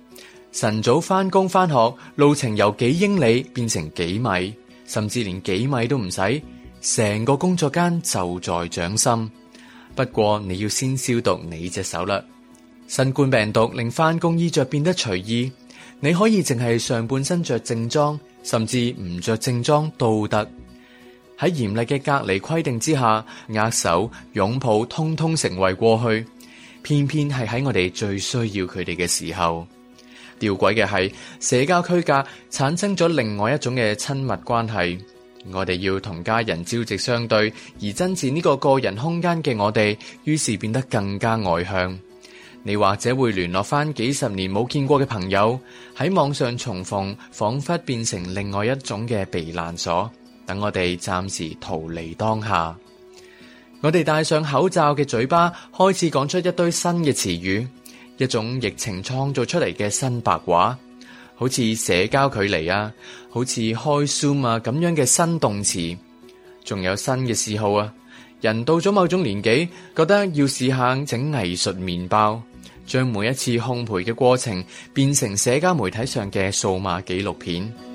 晨早返工返學，路程由幾英里變成幾米，甚至連幾米都唔使，成個工作間就在掌心。不過你要先消毒你隻手啦。新冠病毒令返工衣着變得隨意，你可以淨係上半身着正裝，甚至唔着正裝都得。喺嚴厲嘅隔離規定之下，握手擁抱通通成為過去，偏偏係喺我哋最需要佢哋嘅時候。吊詭嘅係，社交區隔產生咗另外一種嘅親密關係。我哋要同家人朝夕相對，而珍視呢個個人空間嘅我哋，於是變得更加外向。你或者會聯絡翻幾十年冇見過嘅朋友喺網上重逢，仿佛變成另外一種嘅避難所，等我哋暫時逃離當下。我哋戴上口罩嘅嘴巴開始講出一堆新嘅詞語，一種疫情創造出嚟嘅新白話，好似社交距離啊，好似開 Zoom 啊咁樣嘅新動詞，仲有新嘅嗜好啊。人到咗某種年紀，覺得要試下整藝術麵包。將每一次烘焙嘅過程變成社交媒體上嘅數碼紀錄片。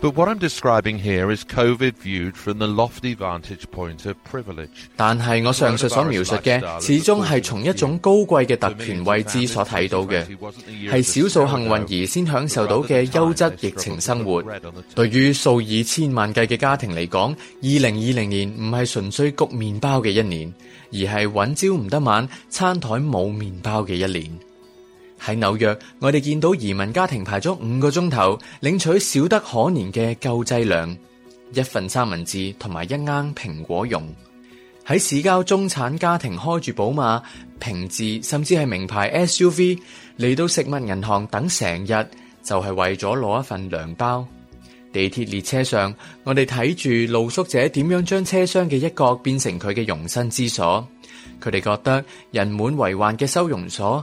But what I'm describing here is COVID viewed from the lofty vantage point of privilege. 但係我上述所描述嘅，始終係從一種高貴嘅特權位置所睇到嘅，係少數幸運兒先享受到嘅優質疫情生活。對於數以千萬計嘅家庭嚟講，二零二零年唔係純粹焗麵包嘅一年，而係揾朝唔得晚餐台冇麵包嘅一年。喺紐約，我哋見到移民家庭排咗五個鐘頭，領取少得可憐嘅救濟糧，一份三文治同埋一盎蘋果蓉。喺市郊中產家庭開住寶馬、平治，甚至係名牌 SUV，嚟到食物銀行等成日，就係為咗攞一份糧包。地鐵列車上，我哋睇住露宿者點樣將車廂嘅一角變成佢嘅容身之所。佢哋覺得人滿為患嘅收容所。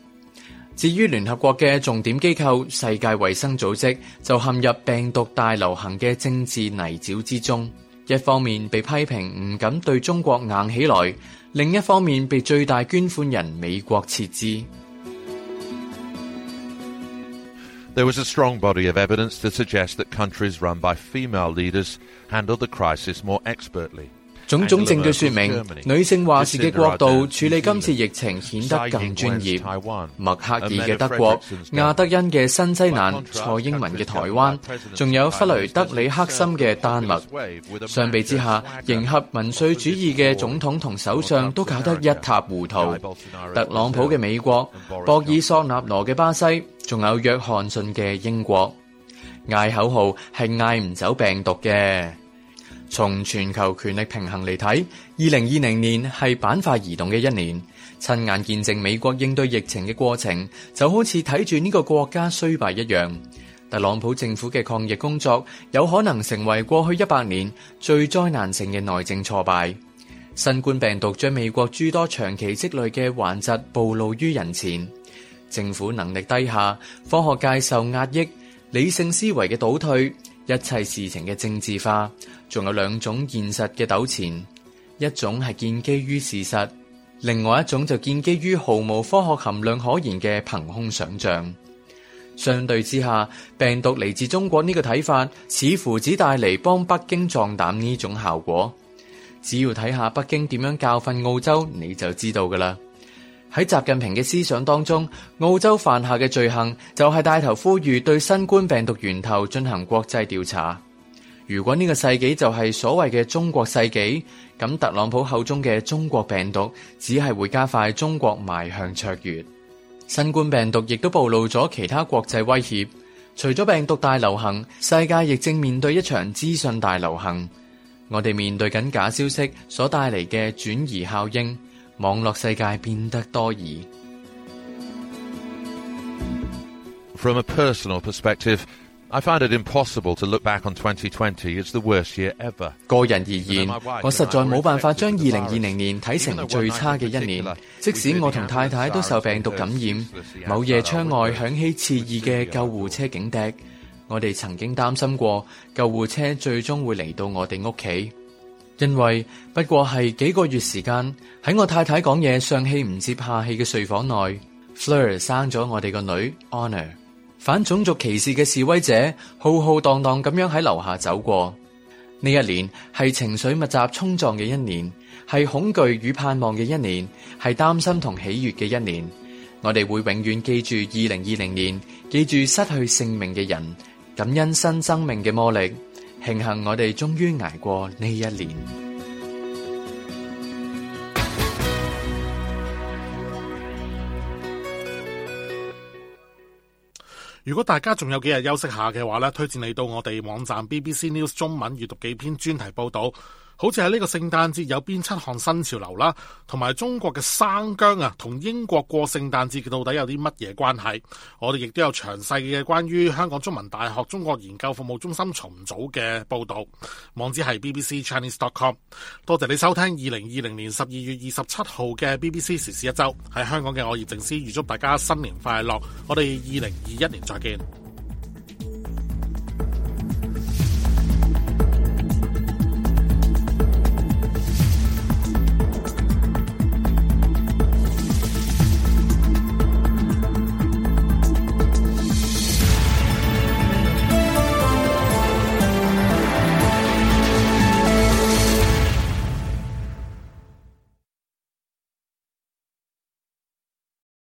至於聯合國嘅重點機構世界衛生組織，就陷入病毒大流行嘅政治泥沼之中。一方面被批評唔敢對中國硬起來，另一方面被最大捐款人美國撤資。There was a strong body of evidence to suggest that countries run by female leaders handled the crisis more expertly. 種種證據說明，女性話事嘅國度處理今次疫情顯得更專業。默克爾嘅德國、亞德恩嘅新西蘭、蔡英文嘅台灣，仲有弗雷德里克森嘅丹麥。相比之下，迎合民粹主義嘅總統同首相都搞得一塌糊塗。特朗普嘅美國、博爾索納羅嘅巴西，仲有約翰遜嘅英國，嗌口號係嗌唔走病毒嘅。從全球權力平衡嚟睇，二零二零年係板塊移動嘅一年。親眼見證美國應對疫情嘅過程，就好似睇住呢個國家衰敗一樣。特朗普政府嘅抗疫工作有可能成為過去一百年最災難性嘅內政挫敗。新冠病毒將美國諸多長期積累嘅頑疾暴露於人前，政府能力低下，科學界受壓抑，理性思維嘅倒退，一切事情嘅政治化。仲有兩種現實嘅糾纏，一種係建基於事實，另外一種就建基於毫無科學含量可言嘅憑空想象。相對之下，病毒嚟自中國呢個睇法，似乎只帶嚟幫北京壯膽呢種效果。只要睇下北京點樣教訓澳洲，你就知道㗎喇。喺習近平嘅思想當中，澳洲犯下嘅罪行就係帶頭呼籲對新冠病毒源頭進行國際調查。如果呢個世紀就係所謂嘅中國世紀，咁特朗普口中嘅中國病毒，只係會加快中國邁向卓越。新冠病毒亦都暴露咗其他國際威脅，除咗病毒大流行，世界亦正面對一場資訊大流行。我哋面對緊假消息所帶嚟嘅轉移效應，網絡世界變得多疑。From a personal perspective. I find it impossible to look back on 2020 is the worst year ever。個人而言，我實在冇辦法將二零二零年睇成最差嘅一年。即使我同太太都受病毒感染，某夜窗外響起刺耳嘅救護車警笛，我哋曾經擔心過救護車最終會嚟到我哋屋企。因為不過係幾個月時間，喺我太太講嘢上氣唔接下氣嘅睡房內，Fleur 生咗我哋個女，Honor。反種族歧視嘅示威者浩浩蕩蕩咁樣喺樓下走過。呢一年係情緒密集衝撞嘅一年，係恐懼與盼望嘅一年，係擔心同喜悅嘅一年。我哋會永遠記住二零二零年，記住失去性命嘅人，感恩新生命嘅魔力，慶幸我哋終於挨過呢一年。如果大家仲有幾日休息下嘅話咧，推薦你到我哋網站 BBC News 中文，閱讀幾篇專題報導。好似喺呢個聖誕節有邊七項新潮流啦，同埋中國嘅生薑啊，同英國過聖誕節到底有啲乜嘢關係？我哋亦都有詳細嘅關於香港中文大學中國研究服務中心重組嘅報道，網址係 BBCChinese.com。多謝你收聽二零二零年十二月二十七號嘅 BBC 時事一周，喺香港嘅我葉靜思，預祝大家新年快樂，我哋二零二一年再見。